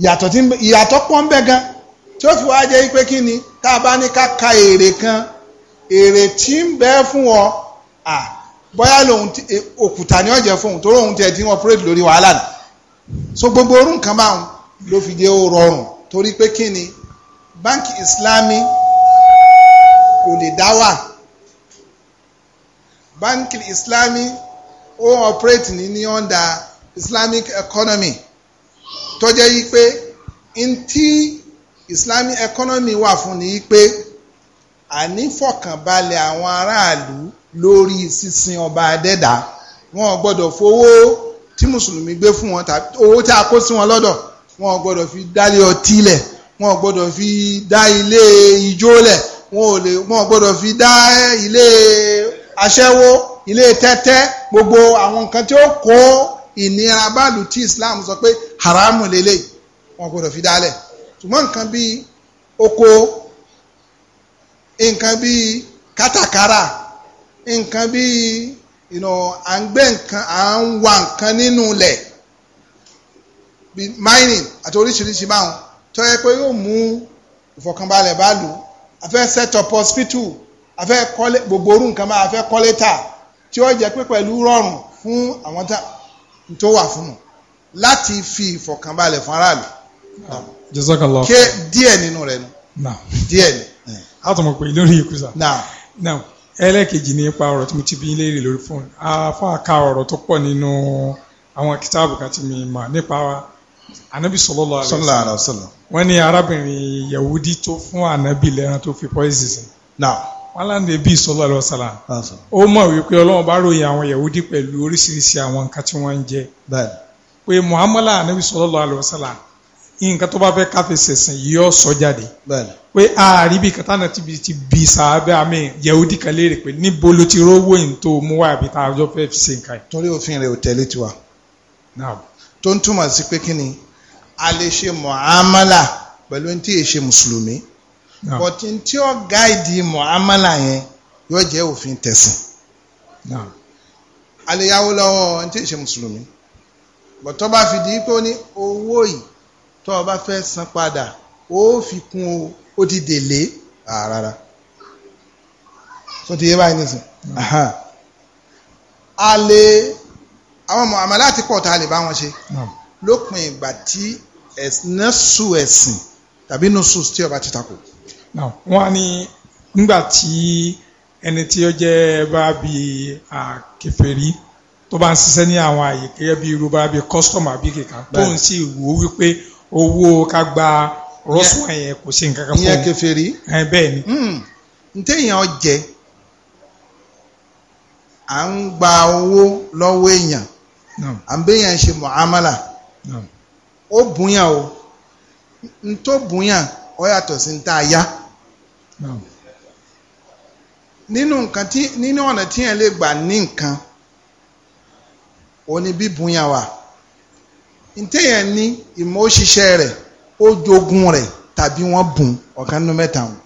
ìyàtọ̀ tí ìyàtọ̀ pọ́n bẹ́ gan tí ó fi a bá ní ka èrè kan èrè tí ń bẹ ọ bóyá lòun eh, òkúta ni ọ̀jẹ̀ fún òun tó lóun tiẹ̀ ti ń ọpẹ́rẹ́tì lórí wàhálà ni so gbogbo orú nǹkan báwọn ló fi jẹ́ ó rọrùn torí pé kí ni báńkì ìsìláàmì kò lè dá wà báńkì ìsìláàmì ó ọpẹ́rẹ́tì ní ní ọ̀ndà islamic economy tó jẹ́ yí pé ntí islamic economy wà fún ni yí pé ànífọ̀kànbalẹ̀ àwọn aráàlú lórí sísin ọba adẹ́dà wọn ò gbọ́dọ̀ fowó tí mùsùlùmí gbé fún wọn tàbí owó tí a kó sí wọn lọ́dọ̀ wọn ò gbọ́dọ̀ fi dálé ọtí lẹ̀ wọn ò gbọ́dọ̀ fi dá ilé ijó lẹ̀ wọn ò lè wọn ò gbọ́dọ̀ fi dá ilé aṣẹ́wó ilé tẹ́tẹ́ gbogbo àwọn nǹkan tí ó kó ìnira báàlù tí Islam sọ pé haramu lélẹ̀ wọn ò fi dálẹ̀ ṣùgbọ́n nǹkan bíi oko nǹkan bíi kátàkárà nǹkan bíi you à ń gbé nǹkan à wa nǹkan nínú ilẹ̀ bíi mining àti oríṣiríṣi báwọn tó yẹ pé yóò mú ìfọ̀kànbalẹ̀ bá lò a set up hospital a kọ́lé gbogbo orú nǹkan máa a kọ́lé tà tí ó jẹ́ pé pẹ̀lú rọrùn fún àwọn tó wà fún un láti fi ìfọ̀kànbalẹ̀ fún aráàlú. ké díẹ̀ nínú nu. díẹ̀ ni. a tún ẹlẹ́ẹ̀kejì ni ipa ọ̀rọ̀ tí mo ti bí yín léèrè lórí fóònù afọ́ àka ọ̀rọ̀ tó pọ̀ nínú àwọn kìtáàbù kan tí mi mọ̀ nípa anabi sallallahu alaihi wasallam wọ́n ní arábìnrin yahudi tó fún anabi lẹ́ran tó fi poison sí. wọ́n láǹdà bí sallallahu alaihi wasallam ó mọ̀ wípé ọlọ́run bá ròyìn àwọn yahudi pẹ̀lú oríṣiríṣi àwọn nǹkan tí wọ́n ń jẹ pé muhammadu anabi sallallahu alaihi wasallam nǹkan tó bá fẹ́ káfí sẹ̀sìn yìí ọ̀ sọ jáde pé ààrí bí katana ti bi ti bi sàábẹ́ àmì yẹ̀wòdì kan léèrè pé níbo ló ti rówó yìí tó mú wá àbí tá a jọ fẹ́ fi ṣe nǹkan yìí. torí òfin rẹ̀ ò tẹ̀lé tiwa tó ń túmọ̀ sí pé kí ni a lè ṣe mọ̀ámálà pẹ̀lú ní tí yẹ ṣe mùsùlùmí but ní tí ó gáìdì mọ̀ámálà yẹn yóò jẹ́ òfin tẹ̀sìn a lè yáwó lọ́wọ́ ní tí yẹ ṣe mùsùlùmí but bá fi di pé ó ní owó yìí tó o bá fẹ́ san padà ó fi kún o ó ti délé rárá so ti yé báyìí nísìn mm. a lè àwọn muamala ti pọ̀ tá a lè bá wọn ṣe mm. lópin ìgbà tí nẹ́sù ẹ̀sìn tàbí nùsù tí ó bá ti takò. wọ́n á ní nígbà tí ẹni tí ó jẹ́ bá bí kèfèrí tó bá ń ṣiṣẹ́ ní àwọn àyè gẹ́gẹ́ bí irú bá bí àbí kìkan tó ń sì wò ó wípé owó ká gba rọ́ṣùn ẹ̀yẹ kò sí nǹkan kan fún un. ìyẹn kèfèrí. ẹ bẹ́ẹ̀ ni. ntẹ̀yìn hmm. ọ̀jẹ̀ à ń gba owó lọ́wọ́ èèyàn à ń béèyàn ṣe muamala ó bùnyàn o ntó bùnyàn ọ yàtọ̀ sí ntá yá nínú nǹkan tí nínú ọ̀nà tí yẹn lè gbà ní nǹkan òní wà. No ntẹ́yàn ní ìmọ̀ òṣìṣẹ́ rẹ̀ ó jogun rẹ̀ tàbí wọ́n bùn ọ̀kan nínú mẹ́ta wọn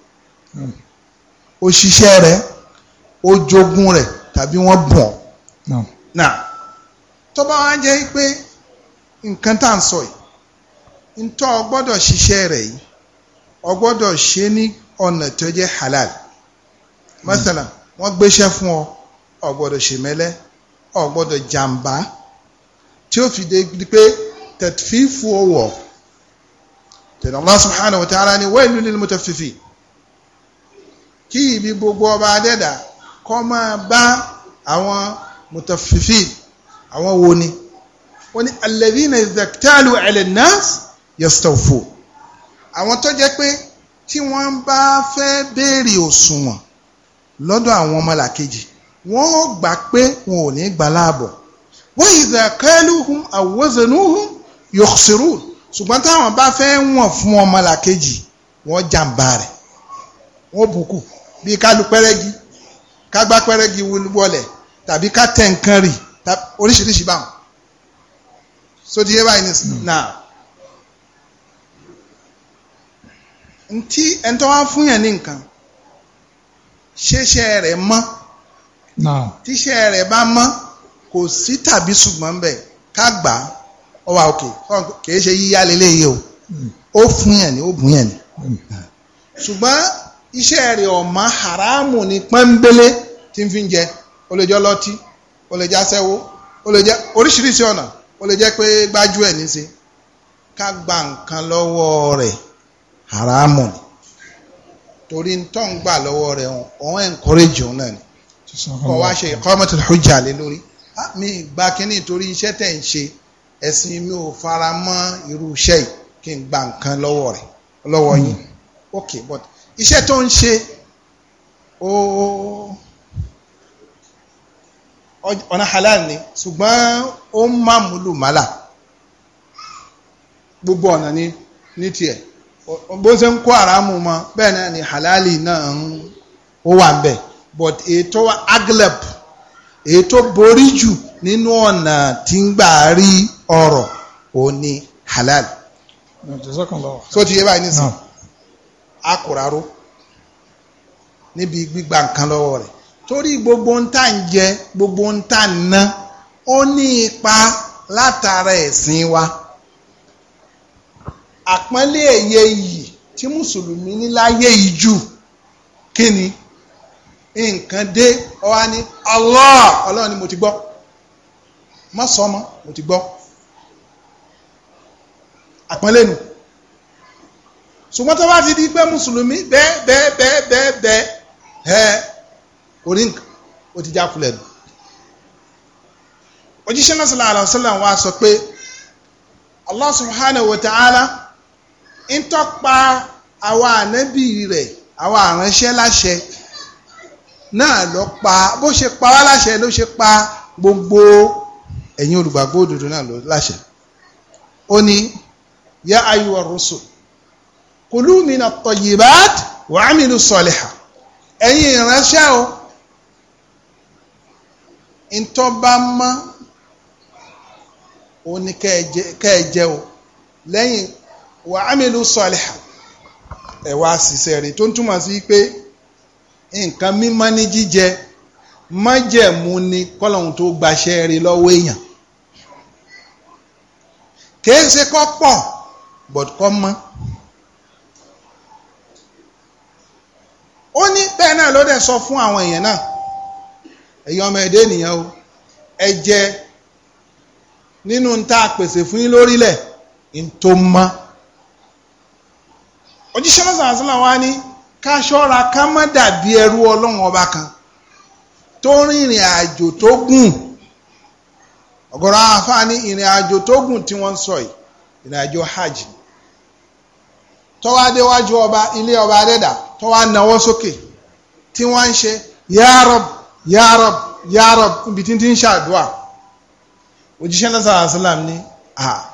hmm. òṣìṣẹ́ rẹ̀ ó jogun rẹ̀ tàbí wọ́n bùn ọ́ hmm. náà o bá jẹ́ pé nǹkan tá à ń ọ ṣiṣẹ́ rẹ̀ yìí ọ ṣe ní ọ̀nà tó halal mọ́sálà wọ́n gbéṣẹ́ ọ ọ jàǹbá tí ó fi tẹ̀fífù ọwọ́ tẹ̀lé Allah subhanahu wa ta'ala ni wailul lil mutaffifin kí ibi gbogbo ọba adẹ́dà kọ́ máa bá àwọn mutaffifin àwọn wo ni wọ́n ní alladhina izaktalu ala nas yastawfu àwọn tó jẹ́ pé tí wọ́n bá fẹ́ béèrè òṣùwọ̀n lọ́dọ̀ àwọn ọmọlàkejì wọ́n gbà pé wọn ò ní gbà láàbọ̀ wa idha kaluhum yọ̀ọ̀sìrù ṣùgbọ́n táwọn bá fẹ́ wọ̀n fún ọmọlàkejì wọ́n jàǹbá rẹ̀ wọ́n bùkù bí kálu pẹ́rẹ́gì kágbá pẹ́rẹ́gì wọlé tàbí ká tẹ̀ nǹkan rì oríṣiríṣi báwọn sódì yé báyìí nìsín náà ntí ẹ̀ńtọ́ wá fún yẹn ní nǹkan ṣẹṣẹ rẹ̀ mọ́ tíṣẹ rẹ̀ bá mọ́ kò sí tàbí ṣùgbọ́n bẹ́ẹ̀ ká gbà ọ wà òkè kìí ṣe yíyá leléyìí o ó fún yàn ní ó bùn yàn ní. ṣùgbọ́n iṣẹ́ rẹ̀ ọ̀mọ́ haramu ni pọ́nbélé tí ń fi jẹ ó lè jẹ́ ọlọ́tí ó lè jẹ́ aṣẹ́wó ó lè jẹ́ oríṣiríṣi ọ̀nà ó lè jẹ́ pé gbájú ẹ̀ níṣe ká gba nǹkan lọ́wọ́ rẹ̀ haramu ni torí tó ń gbà lọ́wọ́ rẹ̀ òun encourage òun náà ni kọ̀ wá ṣe iqamatul hujja lé lórí ah, mi gba kínní torí iṣẹ́ tẹ̀ ń ṣe esi mi ò fara mọ irú iṣẹ́ yìí kí n gba nǹkan lọwọ rẹ̀ lọ́wọ́ ok but iṣẹ́ tó ń ṣe ó ọ̀nà halal ni ṣùgbọ́n ó ń má múlò málà gbogbo ọ̀nà ni ní tiẹ̀ bó ṣe ń kó àràmù mọ bẹ́ẹ̀ náà ni halali náà ń ó wà ń bẹ̀ but ètò aglep ètò borí jù nínú ọ̀nà tí ń gbà rí ọrọ̀ òun ni halal. so ti yé báyìí nísìnyí a kùràró níbi gbígba nǹkan lọ́wọ́ rẹ̀ torí gbogbo ń tà ń jẹ gbogbo ń tà ń ná ó ní ipa látara ẹ̀sìn wa àpọ́nlé ẹ̀yẹ iyì tí mùsùlùmí ní láyé yìí jù kí ni nǹkan dé ọwá ní Allah Allah ni mo ti gbọ́ mọ́sọ́mọ́ mo ti gbọ́ àpọ́nlé nu ṣùgbọ́n tó bá ti di pé mùsùlùmí bẹ́ẹ̀ bẹ́ẹ̀ bẹ́ẹ̀ bẹ́ẹ̀ bẹ́ẹ̀ ẹ̀ orí nǹkan ó ti já kulẹ̀ nù òjíṣẹ́ náà sallallahu alaihi wasallam wa sọ pé Allah subhanahu wa ta'ala ń tọ́pa àwa ànábì rẹ̀ àwa àránṣẹ́ láṣẹ náà lọ pa bó ṣe pa wá láṣẹ ló ṣe pa gbogbo ẹ̀yin olùgbàgbọ́ òdodo náà láṣẹ ó ní. يا أيها الرسل kùlú من الطيبات وعملوا الصالحة أي mi إن تبام ẹ̀yin لين وعملوا الصالحة mọ́ òun ni kẹ́ẹ̀jẹ́ o lẹ́yìn wà á mi lu sọ̀lìhà ẹ̀ wá ṣiṣẹ́ rẹ̀ tó ń túmọ̀ sí pé nǹkan mímọ́ ní jíjẹ májẹ̀mú ni kọ́lọ́hún tó gbaṣẹ́ rẹ̀ lọ́wọ́ èèyàn kìí ṣe kọ́ pọ̀ but kọ́ mọ́. ó ní bẹ́ẹ̀ náà ló dẹ̀ sọ fún àwọn èèyàn náà ẹ̀yin ọmọ ẹ̀dẹ́ ènìyàn o ẹ jẹ nínú ń tá a pèsè fún yín lórílẹ̀ ń tó mọ́. òjíṣẹ́ náà sàn sílẹ̀ wá ní ká ṣọ́ra ká má dàbí ẹrú ọlọ́run ọba kan tó rìnrìn àjò tó gùn ọ̀gọ̀rọ̀ àfáà ní ìrìn àjò tó gùn tí wọ́n ń sọ yìí ìrìn àjò hajj ni tó wá déwájú ọba ilé ọba adẹ́dà tó wá náwó sókè tí wọ́n ń ṣe yaarab yaarab yaarab ibi tí ń ti ń ṣàdúà òjíṣẹ́ náà sàrà sílám ní à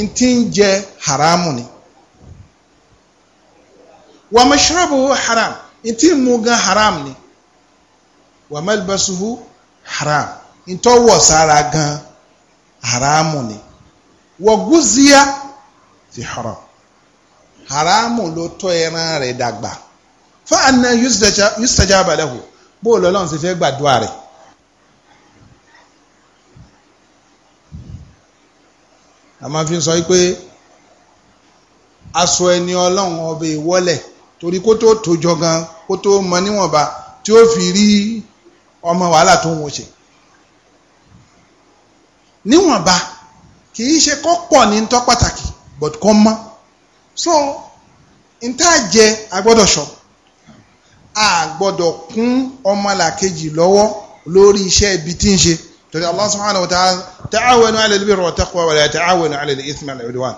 ń ti ń jẹ haramu ni wà mashrabu haram ń mú gan haram ni wà malbasuhu haram ń wọ̀ sára gan haramu ni wà gúzíà ti haram haramu ló tọ́ ẹran rẹ̀ dàgbà fún àna yusufaja abalahu bó o lọ́lọ́run sì fẹ́ gbàdúrà rẹ̀. a máa fi sọ pé aṣọ ẹni ọlọ́run ọbẹ̀ ìwọ́lẹ̀ torí kó tó tójọ gan kó tó mọ níwọ̀nba tí ó fi rí ọmọ wàhálà tó ń wọ́n ṣe níwọ̀nba kì í ṣe kó pọ̀ ní tọ́ pàtàkì but kó mọ́ so n tá a jẹ a gbọ́dọ̀ sọ a gbọ́dọ̀ kún ọmọlàkejì lọ́wọ́ lórí iṣẹ́ ibi tí ń ṣe torí Allah subhanahu wa ta'ala ta'awanu 'ala al-birri wa taqwa wa la ta'awanu 'ala al-ithmi wal-'udwan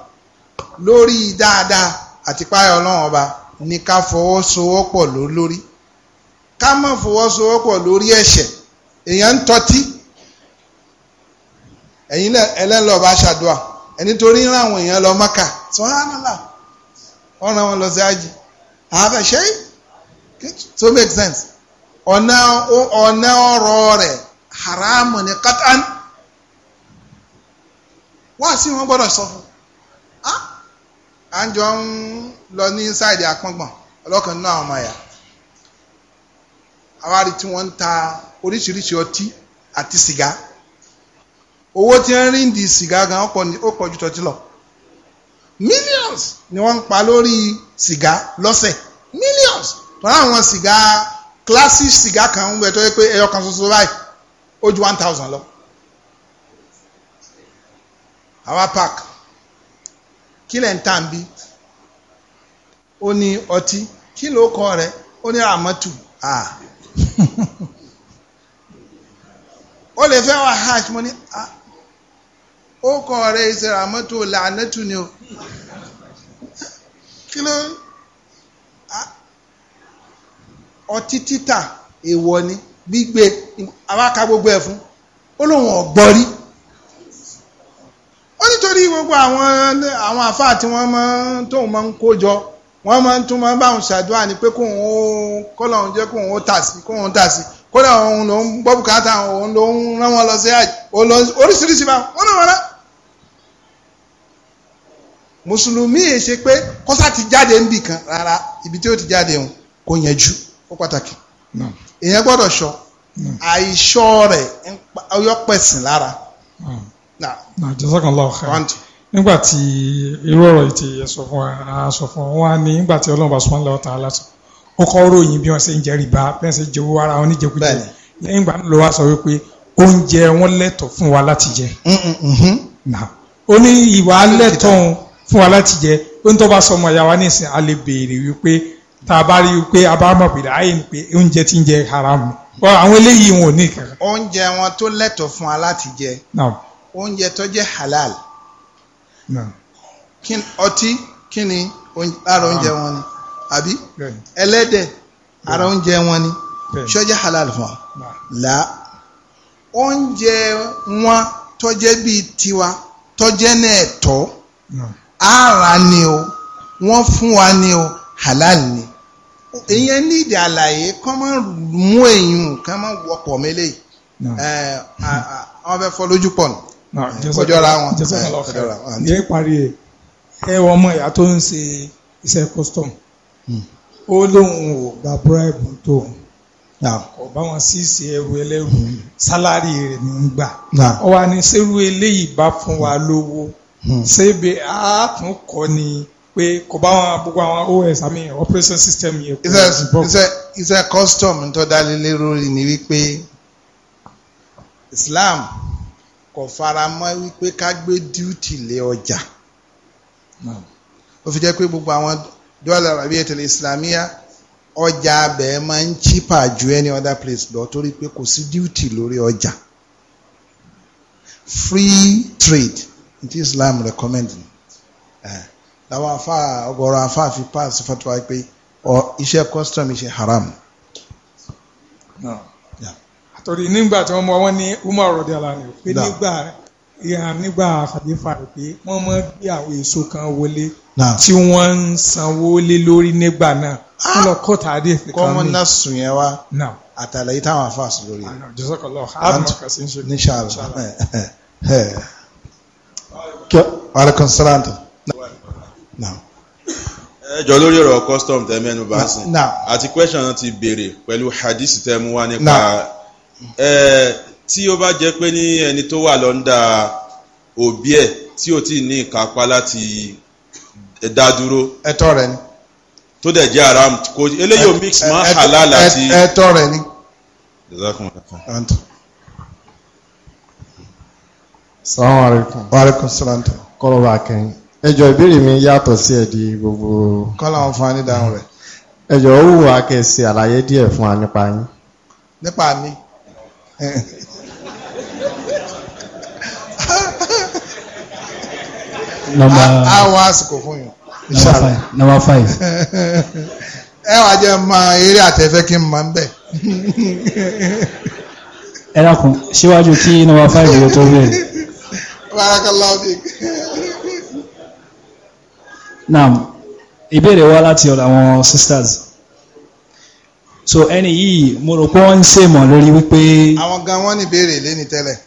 lórí dáadáa àti páyọ̀ ọlọ́run ọba ni ká fọwọ́sowọ́pọ̀ lórí ká má fọwọ́sowọ́pọ̀ lórí ẹ̀ṣẹ̀ èèyàn ń tọ́tí ẹ̀yin ẹlẹ́lọ́ọ̀bá ṣàdúà ẹni torí ń ràn àwọn èèyàn lọ Mákà subhanallah wọ́n rán wọn lọ sí àjì àbẹ̀ ṣe so make sense ọ̀nà ọ̀nà ọ̀rọ̀ rẹ̀ haramu ni katan wá sí wọn gbọ́dọ̀ sọ fún à ń jọ ń lọ ní ṣáìdì àpọ́ngbọ̀n ọlọ́kan náà ọmọ ẹ̀yà àwárí tí wọ́n ń ta oríṣiríṣi ọtí àti sìgá owó tí ń rí ń di sìgá gan ó ju tọ́tí lọ millions ni wọ́n ń pa lórí sìgá lọ́sẹ̀ millions tọ́lá àwọn sìgá classic sìgá kan ń bẹ tó yẹ pé ẹyọ kan ṣoṣo báyìí ó ju one thousand lọ Our park kí lẹ̀ ń tà ń bí ó ní ọtí kí ló kọ rẹ ó ní àmọ́tù à ó lè fẹ́ wá hajj mo ní ó kọ rẹ ìṣẹ̀rẹ̀ àmọ́tù làánẹ́tù ni o kí ló ọtí títà èèwọ̀ ni gbígbé awáka gbogbo ẹ̀ fún ó lóun ọ̀gbọ́n rí ó nítorí gbogbo àwọn àwọn àfáà tí wọ́n máa ń tóun máa ń kó jọ wọ́n máa ń tún máa ń báwọn ṣàdúrà ni pé kóun ó kọ́lọ̀ jẹ́ kóun ó tà sí kóun ó tà sí kódà òun ló ń gbọ́ bùkátà òun ló ń rán wọn lọ sí àjì oríṣiríṣi báwọn ó náà wọn náà mùsùlùmí yìí ṣe pé kọ́sà ti jáde ń bì kan rárá ibi tí ó ti jáde ń kó yẹn jù ó pàtàkì èèyàn gbọ́dọ̀ ṣọ́ àìṣọ́ rẹ̀ ọyọ́ pẹ̀sìn lára. jazakallahu khair nígbà tí irú ọ̀rọ̀ ìtì ẹ̀sọ̀ fún wa sọ fún wa ní nígbà tí ọlọ́run bá sọ wọn lọ́wọ́ tàn án lásán ó kọ́ ròyìn bí wọ́n ṣe ń jẹ rìbá bí ṣe jẹ owó wọn níjẹkújẹ lẹ́yìn ìgbà ló wá sọ wípé oúnjẹ wọn lẹ́tọ̀ọ́ fún wa láti jẹ mm, mm, mm-hmm. ó ní ìwà lẹ́tọ̀ọ́ fún wa láti jẹ pé ń tọ́ bá sọ ọmọ ìyá wa nísìn a lè béèrè wípé tá a bá rí i pé a bá mọ̀ pé ayé ni pé oúnjẹ tí ń jẹ haram wọn àwọn eléyìí wọn ò ní kankan. oúnjẹ wọn tó lẹ́tọ̀ọ́ fún wa láti jẹ oúnjẹ tó jẹ́ halal ọtí kí ni lára oúnjẹ wọn ni àbí ẹlẹ́dẹ̀ ara oúnjẹ wọn ni ṣó halal fún wa là oúnjẹ wọn tó jẹ́ bíi tiwa tó náà tọ́ ara ni o wọ́n fún wa ni o halal ni ìyẹn ní ìdí àlàyé kọ́ máa mú èyàn kan máa wọpọ̀ mélèé wọ́n fẹ́ fọ́ lójú pọ̀ kọjọ́ra wọn. ní parí ẹ wọ ọmọ ìyá tó ń ṣe iṣẹ́ custom hmm. ó lóun ò gba búráìbù tó kò bá wọn sí ìṣe ẹrù ẹlẹ́rù sálárì rẹ̀ ní gbà ó wà ní sẹ́rù eléyìí bá fún wa lówó. Hmm. ṣé ibi àtúnkọ́ ni pé kò bá wọn gbogbo àwọn os àmì operation system yẹn kò sí bọ́. iṣẹ́ custom tó dálé lórí ni wípé Islam kò fara mọ́ wípé ká gbé duty lé ọjà ó fi jẹ́ pé gbogbo àwọn dọ́là àbí ètòlè islamia ọjà abẹ máa ń chípà ju any other place lọ torí pé kò sí duty lórí ọjà free trade tí Islam recommend làwọn afa ọ̀gọ̀rọ̀ afa fi pass fatwa pé iṣẹ́ custom iṣẹ́ haram. àtòrí nígbà tí wọ́n mọ wọ́n ní Umar rọ̀dí aláàrẹ pé nígbà nígbà àfàdífà pé wọ́n mọ bí àwọn èso kan wọlé tí wọ́n ń sanwó lé lórí nígbà náà ah! wọ́n lọ kọ́ tàdé nìkan mi. kọ́mọ náà sùn yẹn wá àtàlẹ́yìn táwọn afa sùn lórí. jọ́sọ̀kọ̀ lọ́ọ̀ hàn mọ́ kàṣí ń ṣe. Eh, eh, eh kí alaikum salaam tó. ẹ jọ lórí ọ̀rọ̀ custom tẹ mẹ́nu bá sìn àti question ti béèrè pẹ̀lú hadith tẹ mú wá nípa tí ó bá jẹ́ pé ní ẹni tó wà lọ́ndà òbí ẹ̀ tí ò tí ní ìkápá láti dá dúró. ẹ̀tọ́ rẹ̀ ni. tó dẹ̀ jẹ́ haram kò eléyìí ò mix mọ́ halal àti. ẹ̀tọ́ rẹ̀ ni salamu alaikum. wa alaikum salam. kọ́lọ̀ bá kẹ́yìn. ẹjọ́ ìbéèrè mi yàtọ̀ sí ẹ̀ di gbogbo. kọ́lọ̀ àwọn fani dáhùn rẹ̀. ẹjọ́ ó wù wá kẹ́ ẹ ṣe àlàyé díẹ̀ fún wa nípa yín. nípa mi. nọ́mbà. a wọ àsìkò fún yín. nọ́mbà five. ẹ wàá jẹ́ mọ eré àtẹ̀fẹ́ kí n mọ̀ ń bẹ̀ ẹ dákun síwájú kí nọ́mbà five yóò tó bẹ̀rẹ̀. Naam, ìbéèrè wá láti ọ̀dọ̀ àwọn sisters. So ẹni yìí mo rò pé wọ́n ń ṣèmọ̀ lórí wípé. Àwọn gan wọ́n ní ìbéèrè tẹ́lẹ̀.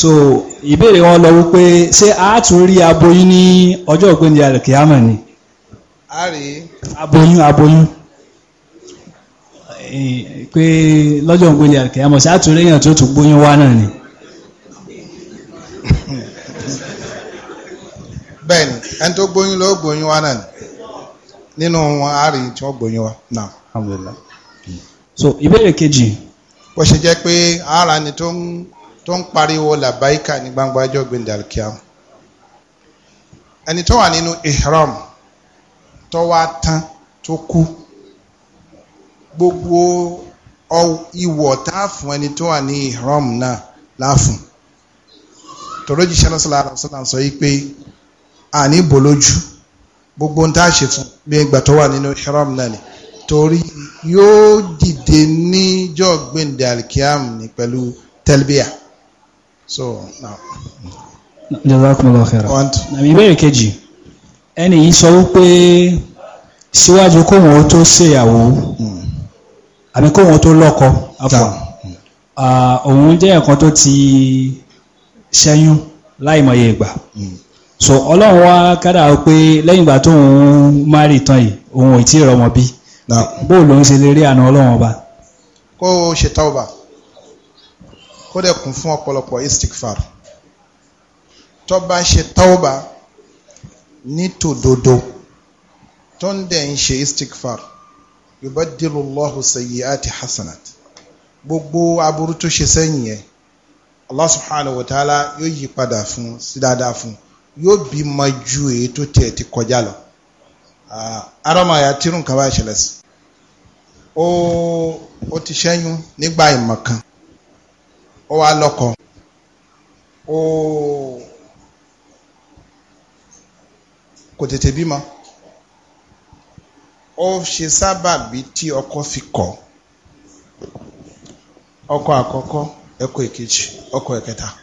So ìbéèrè wọn lọ wípé ṣé a aboyún ní ọjọ́ ògbéǹde àlùkìyámọ̀ ni. A rí. Aboyún aboyún pé lọ́jọ́ ògbéǹde àlùkìyámọ̀ ṣé a tún rí èèyàn tó tún gbóyún wá náà ni. bẹ́ẹ̀ ẹni tó gbóyún ló gbóyún wa náà nínú wọn á rí tí gbóyún wa náà. so ìbéèrè kejì. bó ṣe jẹ́ pé ara ni tó ń tó ń pariwo làbáyíkà ní gbangba ọjọ́ gbẹ̀ndàlkíá ẹni tó wà nínú ihram tó wá tán tó kú gbogbo ìwọ̀ tá a fún ẹni tó wà ní ihram náà láàfún tòrójì sẹ́lẹ̀sọ́lá àrùn sọ yí pé àní bò lójú gbogbo ń tá fún bí ìgbà tó wà nínú ihram náà ni torí yóò dìde níjọ́ gbẹ̀ǹdẹ̀ alikiam ní pẹ̀lú tẹlbíà so now. jazakumullahu khairan nàmi ìbéèrè kejì ẹni yìí sọ wípé síwájú kóhun ó tó ṣèyàwó àbí kóhun ó tó lọ́kọ àpò ah, òun jẹ́ ẹ̀kan tó ti ṣẹ́yún láìmọye ìgbà. Hmm so ọlọ́run wa kádà pé lẹ́yìn ìgbà tó òun márì tán yìí òun ò tí ì rọmọ bí bóò ló ń ṣe lè rí àná ọlọ́run ọba. kó o ṣe tauba kó dẹ̀ kún fún ọ̀pọ̀lọpọ̀ istikfar tó bá ṣe tauba ní tòdodo tó ń dẹ̀ ń ṣe istikfar yubadilu Allahu sayyiati hasanat gbogbo aburú tó ṣe sẹ́yìn yẹn Allah subhanahu wa ta'ala yóò yí padà fún sí dáadáa fún un yóò bímọ ju èyí tó tiẹ̀ ti kọjá lọ Arama ya tírù nǹkan bá si. O ó ti ṣẹ́yún nígbà ìmọ̀ O wa wá o ó kò tètè bímọ o ṣe sábàbí tí ọkọ fi kọ̀ ọkọ àkọ́kọ́ ẹkọ èkejì ọkọ eketa E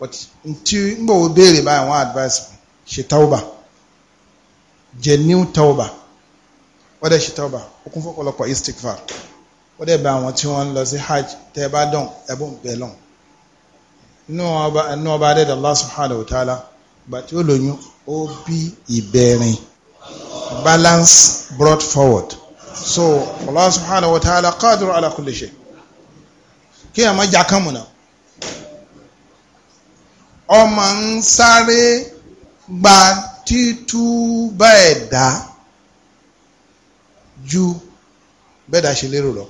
but ntí ngbọ̀ wo béèrè báyìí wọ́n advice mi ṣe tauba jẹ new tauba wọ́n dẹ̀ ṣe tauba ó kún fọ́pọ̀lọpọ̀ istikfar wọ́n dẹ̀ bá àwọn tí wọ́n ń lọ sí hajj tẹ́ ẹ bá dán ẹ̀bùn bẹ́ẹ̀ lọ́n inú ọba adẹ́dàá Allah subhanahu wa ta'ala ìgbà tí ó lóyún ó bí ìbẹ̀rin balance brought forward so Allah subhanahu wa ta'ala qadiru ala kulli shay kí ẹ̀ má jà kánmu náà ọmọ ń sáré gba títúbà ẹ̀dá ju bẹ́ẹ̀dá ṣe lérò lọ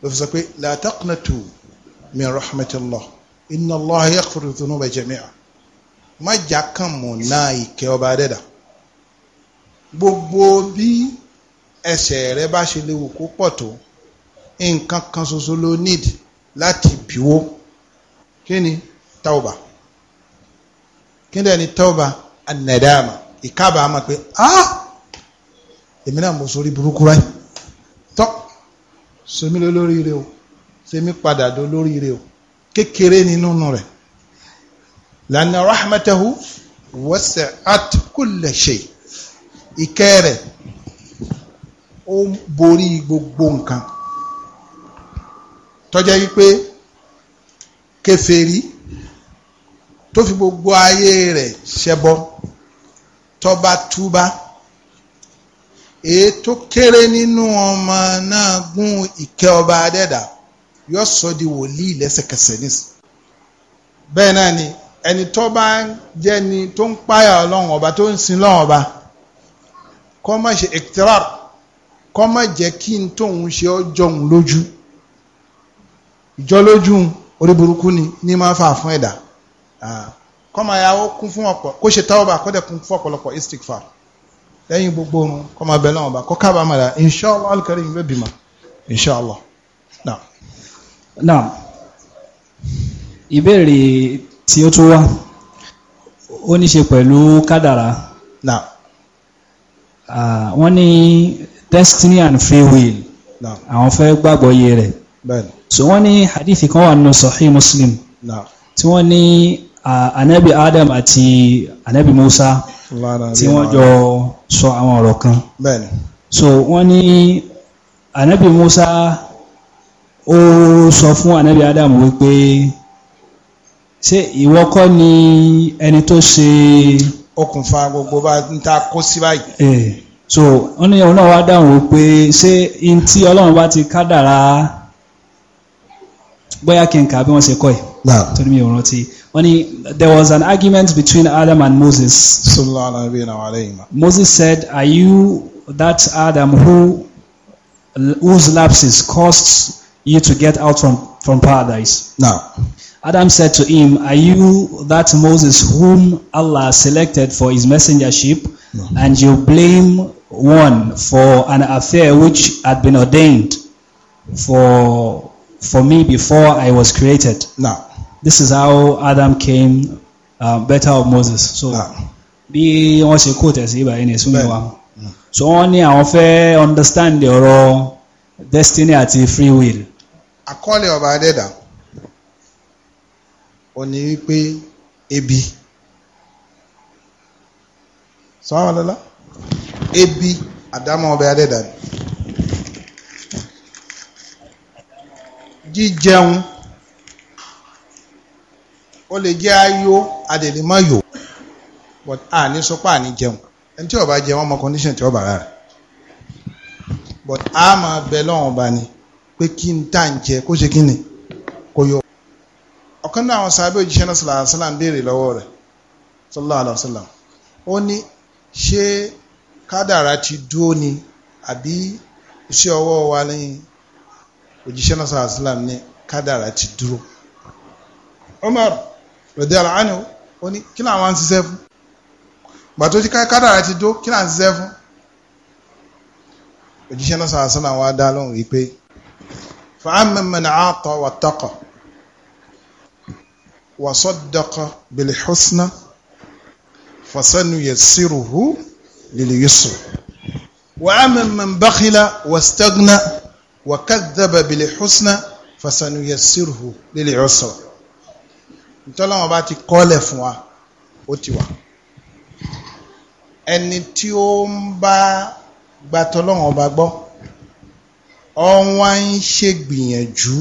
ló fi sọ pé la taqnatu min rahmatillah inna Allaha yaghfiru dhunuba jami'a má jà kàn mọ̀ náà ìkẹ́ ọba dẹ́dà gbogbo bí ẹsẹ̀ rẹ bá ṣe léwu kó pọ̀ tó nǹkan kan ṣoṣo ló nídìí láti bíwó kí ni tawba kí ni ẹni tawba anadama ìkábà ama pé ah èmi náà mo sori burúkú rẹ tọ sèmi lórí rẹ o sèmi padà dó lórí rẹ o kékeré nínú rẹ lànà rahmatahu wasi'at kulla shay ìkẹ́ rẹ̀ ó borí gbogbo nǹkan tọ́jẹ́ wípé kèfèrí tó fi gbogbo ayé rẹ̀ ṣẹbọ tọba túbá èyí tó kéré nínú ọmọ náà gún ìkẹ́ ọba adẹ́dà yóò sọ di wòlíì lẹ́sẹ̀kẹsẹ̀ nísìn bẹ́ẹ̀ náà ni ẹni tó bá jẹ́ ni tó ń páyà ọlọ́run ọba tó ń sin lọ́run ọba kó má ṣe ektirar kó má jẹ́ kí n tóun ṣe ọjọ́ òun lójú ìjọ lójú orí burúkú ni ní máa fà fún ẹ̀dá. E Ah, kọ́mọ ayáwó kún fún ọ̀pọ̀ kó ṣe tawba kó dẹ̀ kún fún ọ̀pọ̀lọpọ̀ istighfar lẹ́yìn gbogbo orun kọ́mọ abẹ́ náà ọba kó kábàámọ̀ rà inshallah al-karim yóò bímọ inshallah. naam ìbéèrè tí ó tún wá ó ní ṣe pẹ̀lú kádàrá wọ́n ní destiny and free will àwọn fẹ́ gbàgbọ́ iye rẹ̀ so wọ́n ní hadithi kan wà nínú sahih muslim tí wọ́n ní anabi adam àti anabi musa tí wọ́n jọ sọ àwọn ọ̀rọ̀ kan so wọ́n ní anabi musa ó sọ fún anabi adam wípé ṣé ìwọ kọ́ ni ẹni tó ṣe. okùnfà gbogbo bá ń ta kó sí báyìí. so wọ́n ní ọlọ́run wá dáhùn wípé ṣé n tí ọlọ́run bá ti kádàrá bóyá kí n kà bí wọ́n ṣe kọ́ ẹ̀. torí ò there was an argument between Adam and Moses. Moses said are you that Adam who whose lapses caused you to get out from from paradise. Now. Adam said to him, Are you that Moses whom Allah selected for his messengership, mm-hmm. and you blame one for an affair which had been ordained for, for me before I was created? Now, this is how Adam came uh, better of Moses so ah. bí wọ́n ṣe quote tẹ̀sí ibà yìí ní ìsúnmí wa mm. so wọ́n ní àwọn fẹ́ understand ọ̀rọ̀ destiny àti free will. àkọọ́lẹ̀ ọba adẹ́dà ò ní wípé ebi sọ́wọ́n lọ́la ebi àdámọ́ ọba adẹ́dà jíjẹun ó lè jẹ́ ayó adèlémọ́ yò but a ní sọpá àní jẹun ẹni tí ó bá jẹun ọmọ condition tí ó rárá but a máa bẹ lọ́wọ́n ba ni pé kí n tà ń jẹ kó ṣe kí ni kó yọ. ọ̀kan náà àwọn sábẹ́ òjíṣẹ́ náà sallallahu alaihi wasallam ń béèrè lọ́wọ́ rẹ̀ sallallahu alaihi wasallam ó ní ṣé kádàrá ti dúró ni àbí iṣẹ́ ọwọ́ wa ní òjíṣẹ́ náà sallallahu alaihi ní kádàrá ti dúró. Omar rẹ̀dẹ́ ara ánìwò ó ní kí làwọn ń ṣiṣẹ́ fún gbà tó ti kádàrá ti dó kí làwọn ń ṣiṣẹ́ fún òjíṣẹ́ náà sàrà sọ́nà wa dá lóhùn wípé fa'amma man aata wattaqa wa saddaqa bil husna fasanu yassiruhu lil yusr wa amma man bakhila wastaghna wa kadhaba bil husna fasanu yassiruhu lil usra ntọ́lọ́wọ́n bá ti kọ́lẹ̀ fún wa ó ti wà ẹni tí ó ń bá gba tọ́lọ́wọ́n bá gbọ́ ọwọ́n ń ṣègbìyànjú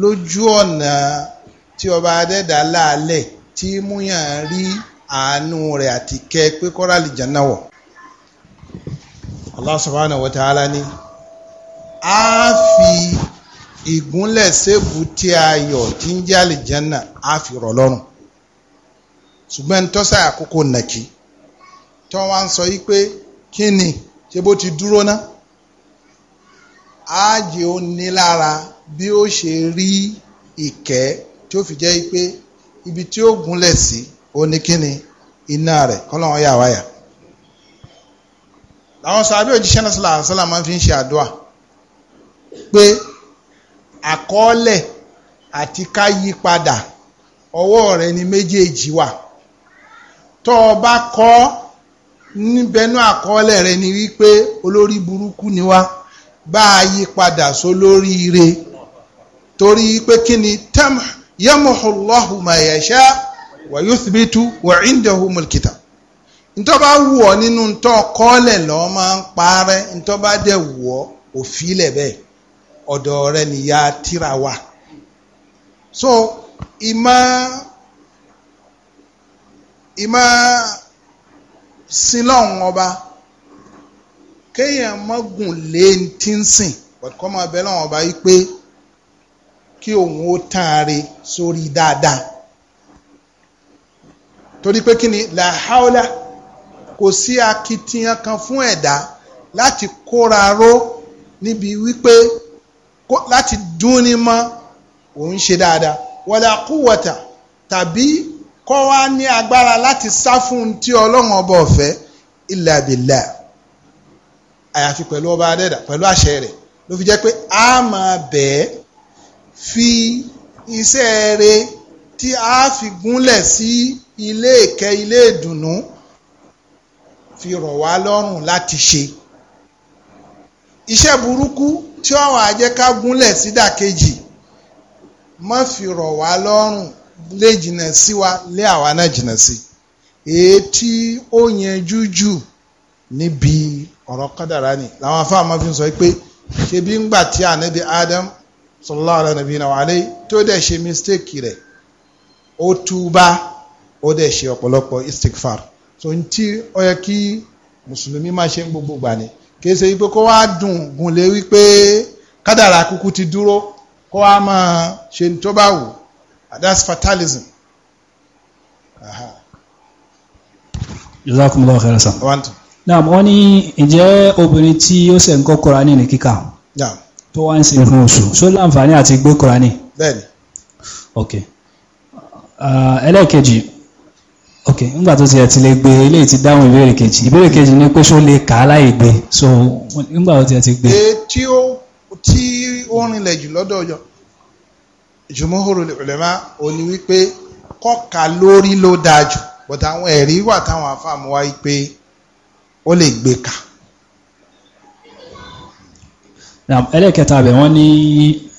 lójú ọ̀nà tí ọba adẹ́dà láàlẹ̀ tí múyàn rí àánú rẹ̀ àti kẹ́ pé kọ́rálì jẹ́nà wọ̀ Allah subhanahu wa ta'ala ni a fi ìgúnlẹ̀ sébù tí a yọ̀ tí ń jẹ́ àlìjánà á fi rọ̀ lọ́rùn ṣùgbọ́n ẹni tọ́sà àkókò nàkí tí wọ́n wá ń sọ yí pé kí ni ṣé bó ti dúró ná ààyè ó ní lára bí ó ṣe rí ìkẹ́ tí ó fi jẹ́ pé ibi tí ó gúnlẹ̀ sí ó ní kí ni iná rẹ̀ kọ́lọ́wọ́n yà wáyà làwọn sọ abẹ́ òjíṣẹ́ náà máa fi ń ṣe àdúrà pé àkọọ́lẹ̀ àti ká yí padà ọwọ́ rẹ ni méjèèjì wà tọ́ ọ bá kọ́ níbẹ̀nú rẹ ni wípé olórí burúkú ni wá bá a yí padà ire torí pé kí ni tam yamuhullahu ma wa yuthbitu wa indahu mulkitab ntọ́ bá wù ọ́ nínú ntọ́ kọ́ọ́lẹ̀ lọ́ọ́ máa ń parẹ́ ntọ́ bá dẹ̀ ọ̀dọ̀ rẹ nìyá tíra wà so ìmọ̀ ìmọ̀ sílọ̀hún ọba kéèyàn mọ́gùn lé tí ń sìn pẹ̀lú ọmọ abẹ́ lọ́wọ́ ọba yìí pé kí òun ó tààre sórí dáadáa torí pé kí ni làhálà kò sí akitiyan kan fún ẹ̀dá láti kóra ró níbi wípé láti dún ní mọ́ òun ṣe dáadáa wala quwwata tàbí kọ́ wá ní agbára láti sá fún tí ọlọ́run ọba ọ̀fẹ́ illa billah àyàfi pẹ̀lú ọba adẹ́dà pẹ̀lú àṣẹ rẹ̀ ló fi jẹ́ pé a máa bẹ̀ẹ́ fi iṣẹ́ rẹ̀ tí a fi gúnlẹ̀ sí ilé ìkẹ́ ilé ìdùnnú fi rọ̀ wá lọ́rùn láti ṣe iṣẹ́ burúkú tí ó wá jẹ́ ká gúnlẹ̀ sídàkejì má fi rọ̀ wá lọ́rùn lé jìnnà sí wa lé àwa náà jìnnà sí èyí tí ó yẹn jújù níbi ọ̀rọ̀ kádàrá ni làwọn afáà máa fi sọ pé ṣebí ńgbà tí ànábi Adam sallallahu alaihi nabiyina wa alayhi tó dẹ̀ ṣe mistake rẹ̀ ó túbá ó dẹ̀ ṣe ọ̀pọ̀lọpọ̀ istikfar so ntí ó yẹ kí mùsùlùmí máa ṣe ń gbogbo gbà ni kìí ṣe wípé kó wá dùn gùnlé wípé kádàrà kúkú ti dúró kó wá máa ṣe tó bá wù ah, that's fatalism. Aha. jazakumullahu khairan sa. naam wọ́n ní ǹjẹ́ obìnrin tí ó ṣe ń kọ́ kọ́ra ní kíkà tó wá ń ṣe nǹkan oṣù ṣó láǹfààní àti gbé kọ́ra bẹ́ẹ̀ni. ok ah, ẹlẹ́ẹ̀kejì. Uh, ok nígbà tó ti ẹ̀ ti lè gbé eléyìí ti dáhùn ìbéèrè kejì ìbéèrè kejì ni pé ṣó lè kà á láì gbé so nígbà tó ti ẹ̀ ti gbé. tí ó tí ó rinlẹ̀ jù lọ́dọ̀ ọjọ́ jùmọ̀hóró lẹ́mà ó ní wípé kọ́ka lórí ló dáa jù bọ̀tà àwọn ẹ̀rí wà táwọn afáàmù wá pé ó lè gbé kà. ẹlẹ́kẹta bẹ̀ wọ́n ní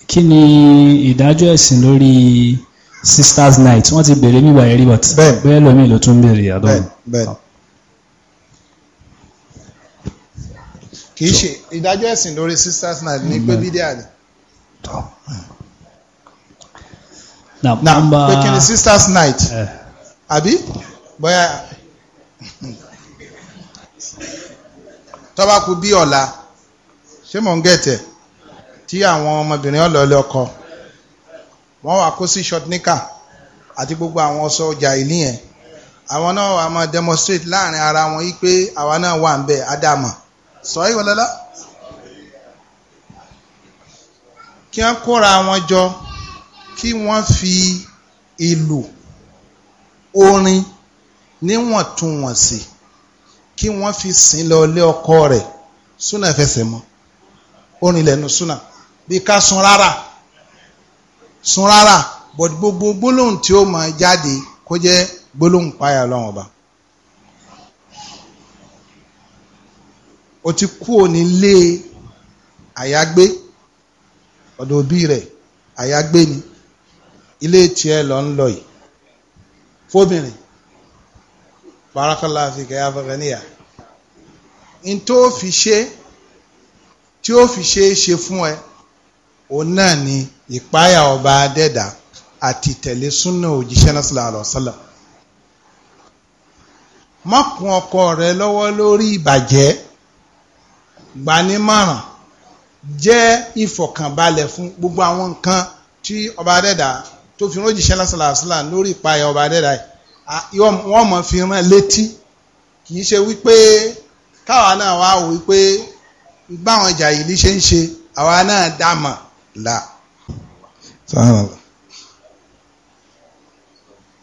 kí ni ìdájọ́ ẹ̀sìn lórí sisters night wọ́n ti bèrè bíbá yẹn rí but bẹ́ẹ̀ lómi ló tún bèrè àdó. kì í ṣe ìdájọ́ ẹ̀sìn lórí sisters night ní pé bídíà ni. na pé kí ni sisters night Abi, eh. bóyá tọ́ba kú bí ọ̀la ṣé mò ń gẹ̀tẹ̀ tí àwọn ọmọbìnrin ọ̀lọ́ọ̀lẹ́ ọkọ wọ́n wà kó sí short nika àti gbogbo àwọn ọ̀ṣọ́ ọjà ìlú yẹn àwọn náà wà máa demonstrate láàrin ara wọn yìí pé àwa náà wà ń bẹ ádámà sọ yìí wọlé lọ. kí wọ́n kóra wọn jọ kí wọ́n fi ìlú orin níwọ̀ntúnwọ̀nsì kí wọ́n fi sìn lọ ilé ọkọ rẹ̀ súnà fẹsẹ̀ mọ́ orin lẹ́nu súnà bí ká sun rárá sun rárá but gbogbo gbólóhùn tí ó máa jáde kó jẹ́ gbólóhùn páyà ọlọ́run ọba. o ti kú òní lé àyágbé ọ̀dọ̀ òbí rẹ̀ àyágbé ni ilé tiẹ̀ lọ ń lọ yìí fóbìnrin barakallahu fi kẹyà fẹkẹníyà n tó fi ṣe tí ó fi ṣe é ṣe fún ẹ òun náà ni ìpáyà ọba adẹ́dà àti tẹ̀lé súnà òjíṣẹ́ náà sallallahu alaihi wasallam má kún ọkọ rẹ lọ́wọ́ lórí ìbàjẹ́ gbanímọ̀ràn jẹ́ ìfọ̀kànbalẹ̀ fún gbogbo àwọn nǹkan tí ọba adẹ́dà tó fi rójìṣẹ́ lásìlàsílà lórí ìpayà ọba adẹ́dà wọ́n mọ̀ fi rán létí kì í ṣe wípé káwa náà wá wípé báwọn jàyìlí ṣe ń ṣe àwa náà dá mọ̀ la subhanallah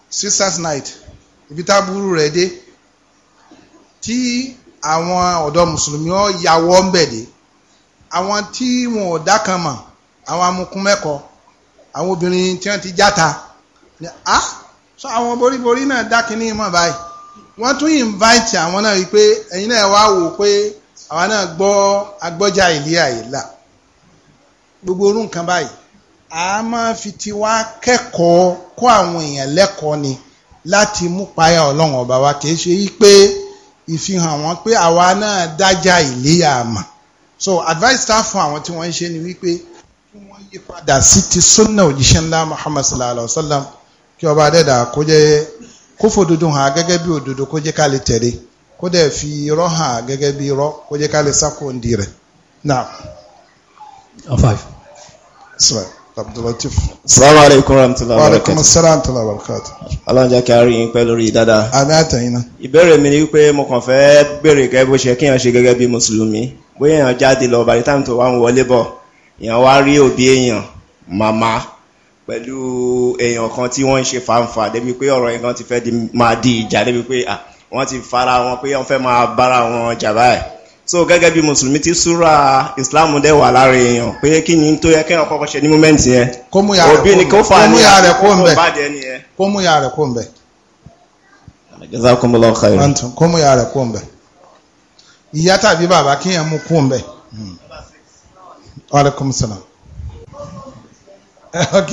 sisters night ibi tá burú rẹ̀ dé tí àwọn ọ̀dọ́ mùsùlùmí ọ̀ yàwọ́ ń bẹ̀ dé àwọn tí wọn ò dá kan mọ̀ àwọn amukun mẹ́kọ̀ọ́ àwọn obìnrin tí wọ́n ti játa a sọ àwọn boríborí náà dá kínní mọ̀ báyìí wọ́n tún invite àwọn náà wípé ẹ̀yin náà wá wò pé àwọn náà gbọ́ agbọ́jà ìlú àyè là gbogbo orú nǹkan báyìí a máa fi ti wá kẹ́kọ̀ọ́ kó àwọn èèyàn lẹ́kọ̀ọ́ ni láti mú páyà ọlọ́run ọba wa kìí ṣe pé ìfihàn wọn pé àwa náà dájà ìléyà àmà so advice tá a fún àwọn tí wọ́n ń ṣe ni wípé kí wọ́n yí padà sí ti sunna òjíṣẹ́ ńlá muhammad sallallahu alayhi wa sallam kí ọba adẹ́dà kó jẹ́ kó fòdodo hàn gẹ́gẹ́ bí òdodo kó jẹ́ ká lè tẹ̀lé kó dẹ̀ fi irọ́ hàn gẹ́gẹ́ bí irọ́ kó jẹ́ ká lè sákòó rẹ̀ náà or uh, five. Sir. Abdulatif. Salaamu alaikum warahmatullahi wabarakatuh. Wa alaikum salaam tala wabarakatuh. Aláǹjẹ́ kí a rí yín pẹ́ lórí dáadáa. Àmì àtẹ̀yìn náà. Ìbéèrè mi ni wípé mo kàn fẹ́ béèrè gẹ́gẹ́ bó ṣe kíyàn ṣe gẹ́gẹ́ bí Mùsùlùmí. Bóyá èèyàn jáde lọ bàrí táwọn tó wá ń wọlé bọ̀, èèyàn wá rí òbí èèyàn, màmá, pẹ̀lú èèyàn kan tí wọ́n ń ṣe fàǹfà fara wọn pé wọ́n fẹ́ máa bára wọn so gẹ́gẹ́ bí mùsùlùmí ti súra ìsìláàmù dẹ̀ wà lára èèyàn pé kí ni tó yẹ kéèyàn kọ́kọ́ ṣe ní múmẹ́ǹtì yẹn òbí ni kó fà ní àbájẹ ni yẹn. kó mú ya rẹ̀ kó ń bẹ̀. jazakumullahu khairan. kó mú ya rẹ̀ kó ń bẹ̀. ìyá tàbí bàbá kéèyàn mú kó ń hmm. aleykum salaam. ok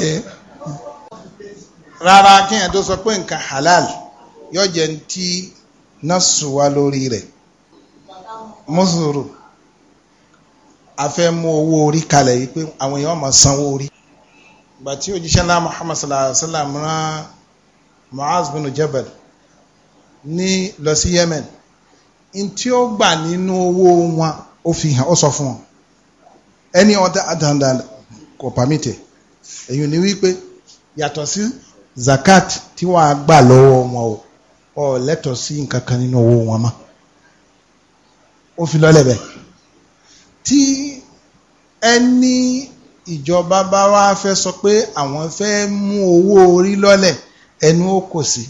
rárá kéèyàn tó sọ pé nǹkan halal yóò jẹ́ ti náà sùn wá lórí rẹ̀ mùsùlùmù a fẹ́ mú owó orí kalẹ̀ yìí pé àwọn èèyàn máa sanwó orí ìgbà òjíṣẹ́ ńlá muhammad sallallahu alaihi wa sallam rán muaz bin jabal ní lọ sí yemen n tí ó gbà nínú owó wọn ó fi hàn ó sọ fún wọn any other attendant kò pàmìtẹ̀ èyí ni wípé yàtọ̀ sí zakat tí wọ́n á gbà lọ́wọ́ wọn o ọ̀ lẹ́tọ̀ọ́ sí nǹkan kan nínú owó wọn mọ́ ó fi lọ́lẹ̀ bẹ̀ tí ẹni ìjọba bá wá fẹ́ sọ pé àwọn fẹ́ mú owó orí lọ́lẹ̀ ẹnu ó kò sí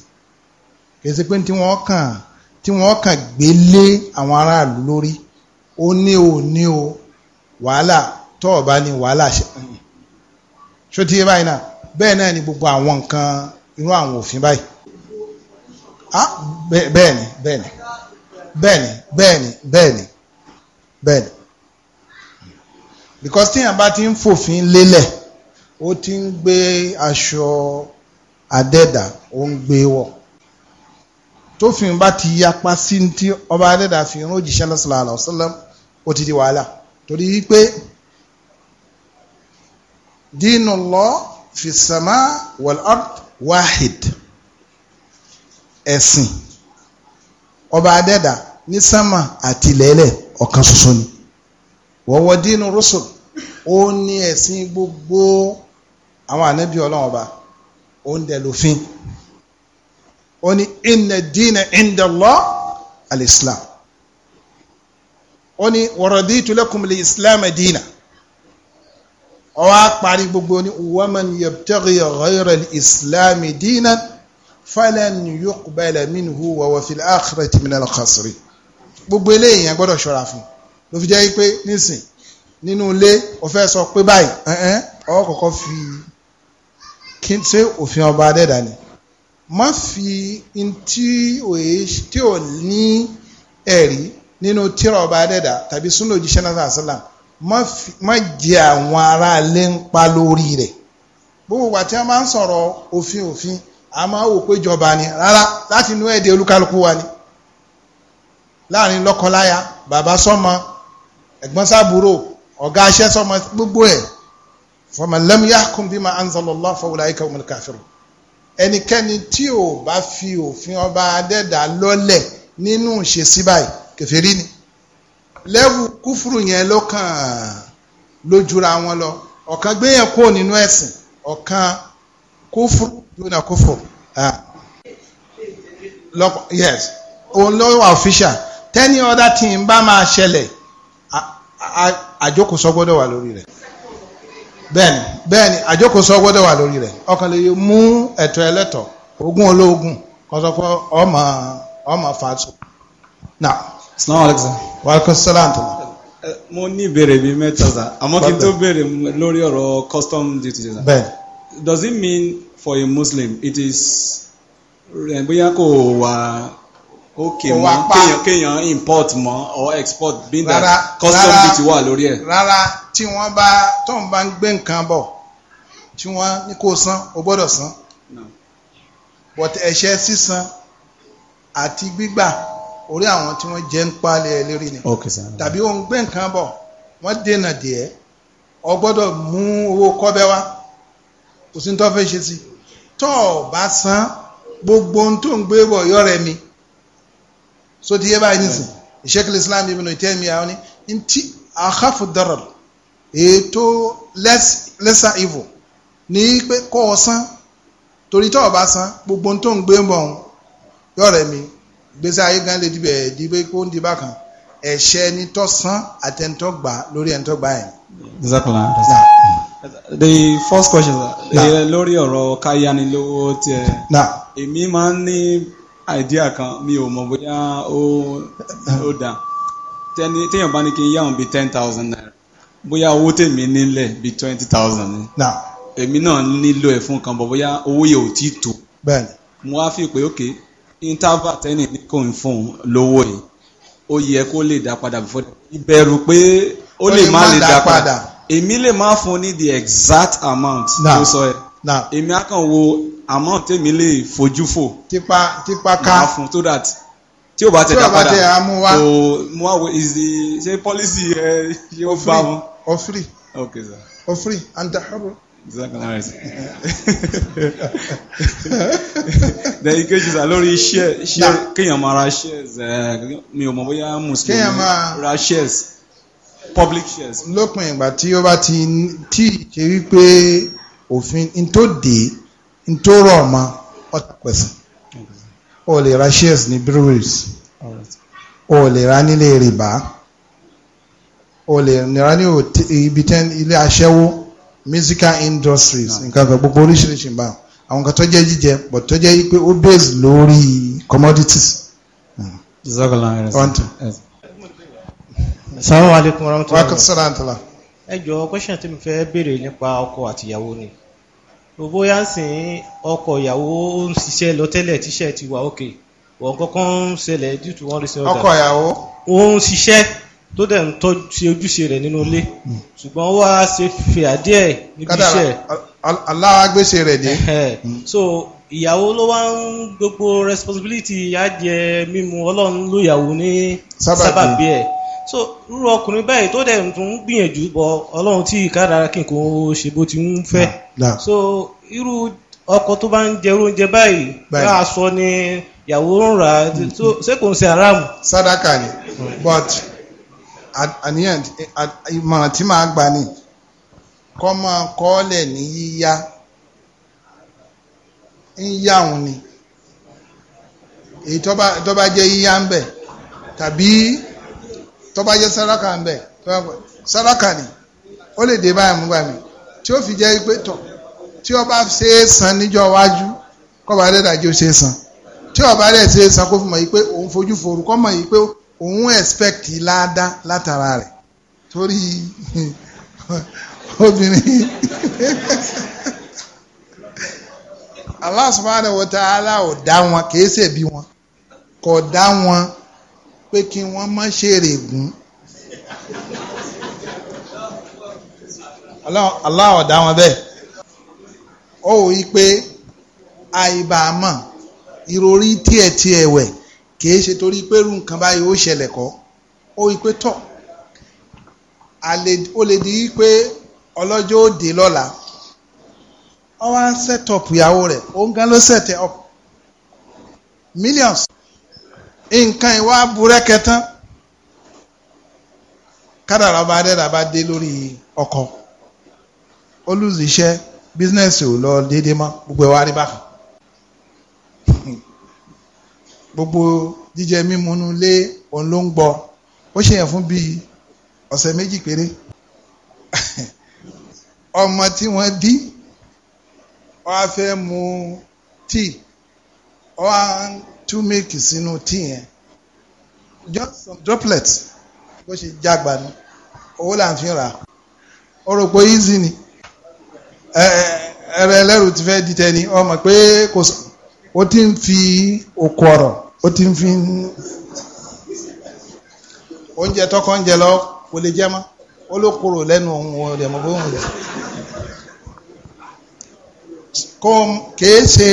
kì í ṣe pé tí wọ́n kàn tí wọ́n kàn gbé àwọn aráàlú lórí ó ní o ní o wàhálà tó ni wàhálà ṣe ṣó tí yé báyìí náà bẹ́ẹ̀ náà ni gbogbo àwọn nǹkan irú àwọn òfin báyìí ah, bẹ́ẹ̀ ni bẹ́ẹ̀ ni bẹ́ẹ̀ni bẹ́ẹ̀ni bẹ́ẹ̀ni bẹ́ẹ̀ni because tíyàn bá ti ń fòfin lélẹ̀ ó ti ń gbé aṣọ àdẹ́dà ó ń gbé wọ̀ tófin bá ti yapa sí ti ọba àdẹ́dà fi ń rojìṣẹ́ sallallahu alaihi wasallam ó ti di wàhálà torí wípé dinullah fi sama wal ard wahid ẹ̀sìn. E ọba adẹ́dà ní sánmà àti lẹ́lẹ̀ ọ̀kan ṣoṣo ni wọ́wọ́ dínú rúṣù ó ní ẹ̀sìn gbogbo àwọn ànábì ọlọ́run ọba ó ń dẹ̀lófin ó ní inna dina inda Allah al-Islam ó ní waraditu lakum al-Islam dina ó wá gbogbo ní waman yabtaghi ghayra al-Islam dinan falan yuqbala minhu wa wa fil akhirati minal khasirin gbogbo eléyìí yẹn gbọ́dọ̀ ṣọ́ra fún ló fi jẹ́ pé nísìn nínú ilé o fẹ́ sọ pé báyìí ẹ̀ẹ́n ọwọ́ kọ̀ọ̀kan fi kí n ṣe òfin ọba adẹ́dà ni má fi tí ò ní ẹ̀rí nínú tírà ọba adẹ́dà tàbí súnlò jíṣẹ́ náà sàlám má jẹ àwọn ará ilé ń pa lórí rẹ̀ gbogbo àti wọn máa ń sọ̀rọ̀ òfin òfin a máa wò pé ìjọba ni rárá láti inú èdè olúkálukú wa ni láàrin lọ́kọláya bàbá sọ́mọ ẹ̀gbọ́n sábúrò ọ̀gá aṣẹ́ sọ́mọ gbogbo ẹ̀ faman lam yahkum bima anzalallahu fa ulaika humul kafirun ẹnikẹ́ni tí ò bá fi òfin ọba adẹ́dà lọ́lẹ̀ nínú ìṣesí báyìí kèfèrí ni lẹ́wù kúfùrù yẹn ló kàn án lójúra wọn lọ ọ̀kan gbéyàn nínú ẹ̀sìn ọ̀kan kúfùrù dúnà kúfò lọ́pọ̀ yes òun ló wà official tẹ́ni ọ̀dà tí ń bá máa ṣẹlẹ̀ àjókòsọ gbọ́dọ̀ wà lórí rẹ̀ bẹ́ẹ̀ni bẹ́ẹ̀ni àjókòsọ gbọ́dọ̀ wà lórí rẹ̀ ọkàn lè mú ẹ̀tọ́ ẹlẹ́tọ̀ ogún ológun kọ́sọ́kọ́ ọmọ ọmọ fàtó. na. salaam aleykum. waaleykum mo ní ìbéèrè bíi mẹ́ta sá àmọ́ kí n tó béèrè lórí ọ̀rọ̀ custom duty sá. does it mean for a Muslim it is eh, bóyá kò wà okay mọ kéèyàn kéèyàn import mọ or export being rara, that custom duty wà lórí ẹ. rárá tí wọ́n bá tó ń bá ń gbé nǹkan bọ̀ tí wọ́n ní kó san o gbọ́dọ̀ san but ẹ̀ṣẹ̀ sísan àti gbígbà orí àwọn tí wọ́n jẹ́ ń palẹ̀ ẹ lérí ni tàbí ó ń gbé nǹkan bọ̀ wọ́n dènà díẹ̀ o gbọ́dọ̀ mú owó kọ́bẹ́ wá kò sí ní tó fẹ́ ṣe sí tó o bá san gbogbo ohun tó ń gbé bọ̀ yọ rẹ mi so ti yé báyìí nísìn Sheikh Islam Ibn Taymiyyah àwọn ni ntí akhafu darar ètò lesser evil ní pé kó o san torí tó o bá san gbogbo ohun tó ń gbé bọ̀ yọ rẹ mi gbèsè ayé gan lè dibẹ̀ di pé kó ń di bákan ẹ̀ṣẹ̀ ni tó san àtẹ̀ntọ́ lórí ẹ̀ntọ́ yẹn the first question sir lórí ọ̀rọ̀ káyánilówó tiẹ̀ èmi máa ń ní àìdíà kan mi ò mọ̀ bóyá ó dà téèyàn bá ní kí n yáwọn bíi ten thousand naira bóyá owó tèmi nílẹ̀ bíi twenty thousand ni èmi náà nílò ẹ̀ fún kan bọ̀ bóyá owó yẹn ò tí ì tó mo wá fi pé ok interval tẹ́nì ní kò ń fún un lówó yìí ó yẹ kó lè dá padà before ìbẹ̀rù pé ó lè má lè dá padà èmi lè má fún ní the exact amount tó sọ ẹ èmi á kàn wo amount tèmi lè fojú fò tipa tipa ká máa fún so that tí o bá tẹ̀ dá padà o mú wa wo is the ṣe policy ẹ yóò bá wọn. o free ok sir. o free anta hurr. Then ìkejì sà lórí share share kéèyàn máa ra shares eh, mi ò mọ̀ bóyá Muslim ra shares public shares. lópin ìgbà tí ó bá ti tí ṣe wípé òfin ntó dé ntó rọ̀ ọ̀ma ọ̀tá pẹ̀sìn o lè ra shares ní breweries o lè ra nílé rìbá o lè ra ní ibi tẹ́ ilé aṣẹ́wó musical industries nǹkan kan gbogbo oríṣiríṣi bá àwọn kan tó jẹ́ jíjẹ but tó jẹ́ pé ó base lórí commodities. Jazakallah. Assalamu alaikum warahmatullahi wabarakatuh. ẹ jọ question tí mo fẹ́ béèrè nípa ọkọ àtìyàwó ni bóyá ń sìn ọkọ ìyàwó ń ṣiṣẹ́ lọ tẹ́lẹ̀ tíṣẹ́ ti wà òkè wọ́n kọ́kọ́ ń ṣẹlẹ̀ due to one reason or other ọkọ ìyàwó ó ń ṣiṣẹ́ tó dẹ̀ ń tọ́ ṣe ojúṣe rẹ̀ nínú ilé hmm. ṣùgbọ́n ó wá ṣe fìyà díẹ̀ níbi iṣẹ́ aláwágbèsè rẹ̀ dé. Hmm. so ìyàwó ló wá ń gbogbo responsibility adìẹ mímu ọlọ́run lóyàwó ní sábàbí ẹ̀ so rúrú ọkùnrin báyìí tó dẹ̀ tún gbìyànjú bọ ọlọ́run tí ìkádàrá kí n kò ṣe bó ti ń fẹ́ so irú ọkọ tó bá ń jẹ oúnjẹ báyìí bá a sọ ni ìyàwó ń rà á ṣé kò ń ṣe aráàmù. sadaka ni but àníyàn ìmọ̀ràn tí màá gbà ni kọ́ máa kọ́ọ́lẹ̀ ní yíyá ń yá òun ni èyí tó bá jẹ́ yíyá ń bẹ̀ tàbí tó bá jẹ́ sáraka ń bẹ̀ sáraka ni ó lè dé báyìí múgbà mi tí ó fi jẹ́ pé tọ̀ tí ó bá ṣe é san níjọ́ iwájú kọ́ bá dé dàjọ́ ṣe é san tí ó bá dé ṣe é san kó fi mọ̀ yìí pé òun fojú foru kọ́ mọ̀ yìí pé òun expect láàdá látara rẹ̀ torí obìnrin Allah subhanahu wa ta'ala ò dá wọn kì í ṣèbí wọn kò dá wọn pé kí wọ́n má ṣèrè gún. Allah ó dá wọn bẹ́ẹ̀ ó wò yí pé àìbàámọ̀ ìròrí tiẹ̀ tiẹ̀ wẹ̀ kìí ṣe torí pé irú nǹkan báyìí ó ṣẹlẹ̀ kọ́ ó wí pé tọ̀ ó lè di pé ọlọ́jọ́ ó dé lọ́la ọ wá set up ìyàwó rẹ̀ òun gan ló set up millions nǹkan ìwà burẹ́kẹ tán kádàrà ọba adẹ́dà bá dé lórí ọkọ ó lùzì iṣẹ́ bísínẹ́sì ò lọ déédéé mọ́ gbogbo ẹ̀ wá rí bákan gbogbo jíjẹ mímu nu lé òun ló ń gbọ́ ó ṣe yẹn fún bíi ọ̀sẹ̀ méjì péré ọmọ tí wọ́n dí wọ́n á fẹ́ mu tíì wọ́n á tú mílìkì sínú tíì yẹn just some droplets bó ṣe jágba ni owó là ń fi rà ó rò pé easy ni ẹrẹ ẹlẹ́rù ti fẹ́ di tẹni ọmọ pé kò sọ ó ti ń fi òkú ọ̀rọ̀ ó ti ń fi oúnjẹ tọkọ oúnjẹ lọ kò lè jẹ mọ́ ó ló kúrò lẹ́nu òun ò lè mọ bóun lè kò kèé ṣe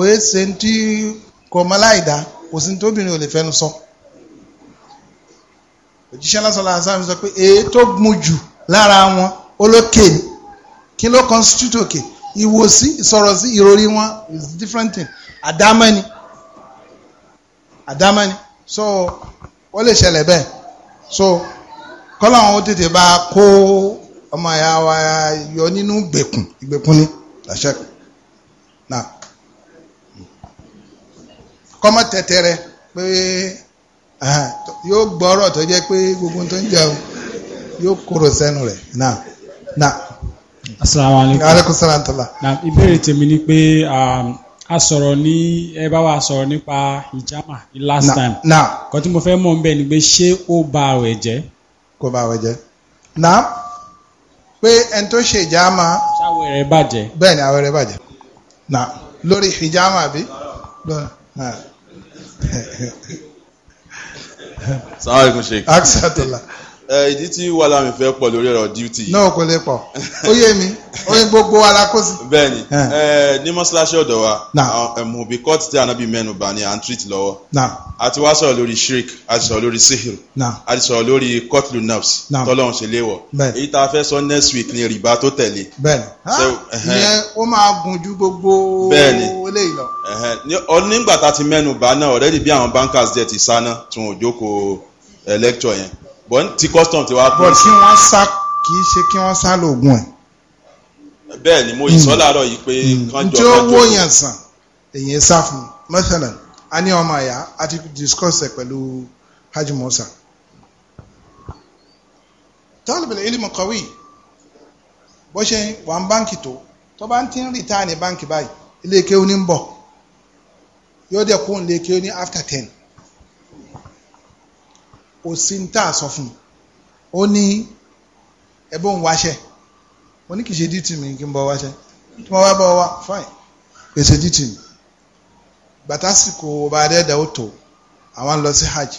kò é ṣe ń tí kò mọ láìdá kò sí ní tóbìnrin ò lè fẹnu sọ òjíṣẹ́ lásọ̀lá àṣàmì sọ pé èyí tó gbun jù lára wọn olókè kí ló constitute òkè ìwòsí ìsọ̀rọ̀ sí ìròrí wọn is different thing àdámẹ́ni àdámẹ́ni so wọ́n lè ṣẹlẹ̀ bẹ́ẹ̀ so kọ́láwọn ó tètè bá kó ọmọ ìyá wa yọ nínú ìgbèkùn ìgbèkùn ni làṣẹ náà kọ́mọ tẹ̀tẹ̀rẹ pé yóò gbọ́rọ̀ tó jẹ́ pé gbogbo tó ń jẹun yóò kúrò sẹ́nu rẹ̀ náà náà. asalaamualeykum aleykum salaam tala. na ìbéèrè tèmi ni pé a sọ̀rọ̀ ní ẹ bá wa sọ̀rọ̀ nípa hijama ní last time. náà kan tí mo fẹ́ mọ̀ nbẹ ni pé ṣé ó ba àwẹ̀ jẹ́. kò ba àwẹ̀ jẹ́ náà pé ẹni tó ṣe hijama. ṣáwẹ̀ rẹ̀ bàjẹ́. bẹ́ẹ̀ ni àwẹ̀ rẹ̀ bàjẹ́ náà lórí hijama bí salaam aleykum sheik. akisatula ìdí tí wàhálà mi fẹ́ pọ̀ lórí ọ̀rọ̀ duty yìí. náà kò lè pọ̀ ó yé mi ó yẹ gbogbo ara kó sí. bẹ́ẹ̀ni ní mọ́ṣáláṣí ọ̀dọ̀ wa mùbí kọ́ọ̀tì tí anabi mẹ́nu bá ni à ń treat lọ́wọ́ a ti wá sọ̀rọ̀ lórí shirk a ti sọ̀rọ̀ lórí sihir a ti sọ̀rọ̀ lórí kotlu nafs tọ́lọ́run ṣe léwọ̀ èyí tá a fẹ́ sọ next week ni rìbá tó tẹ̀lé. bẹ́ẹ̀ni ah, ìyẹn ó máa gùn ju gbogbo eléyìí lọ. nígbà tá a ti mẹ́nu already bí àwọn bankers jẹ́ ti sáná tún bọ́n ti custom ti wá kú. bọ̀ kí wọ́n sá kì í ṣe kí wọ́n sá lóògùn ẹ̀. bẹ́ẹ̀ ni mo ìsọ́ mm. láàárọ̀ yìí pé kánjọ mm. kánjọ. njẹ́ owó yẹn sàn èyí sá fún mẹ́tẹ̀lẹ̀ a ní ọmọ àyà a ti discuss ẹ̀ pẹ̀lú hajj musa. tọ́lùbìlì ilmu kọ̀wé bó ṣe wà ń báǹkì tó tó bá ń ti ń rìtáà ní báǹkì báyìí ilé kéwú ní ń bọ̀ yóò dẹ̀ kún ilé kéwú ní after ten kò sí ní tá a sọ fún un ó ní ẹ bó wáṣẹ mo ní kì í ṣe dìtì mi kí n bọ wáṣẹ tí wọn bá bọ wá fine kì í ṣe dìtì mi gbàtàsìkò ọba adẹ́dà ó tó àwọn lọ sí hajj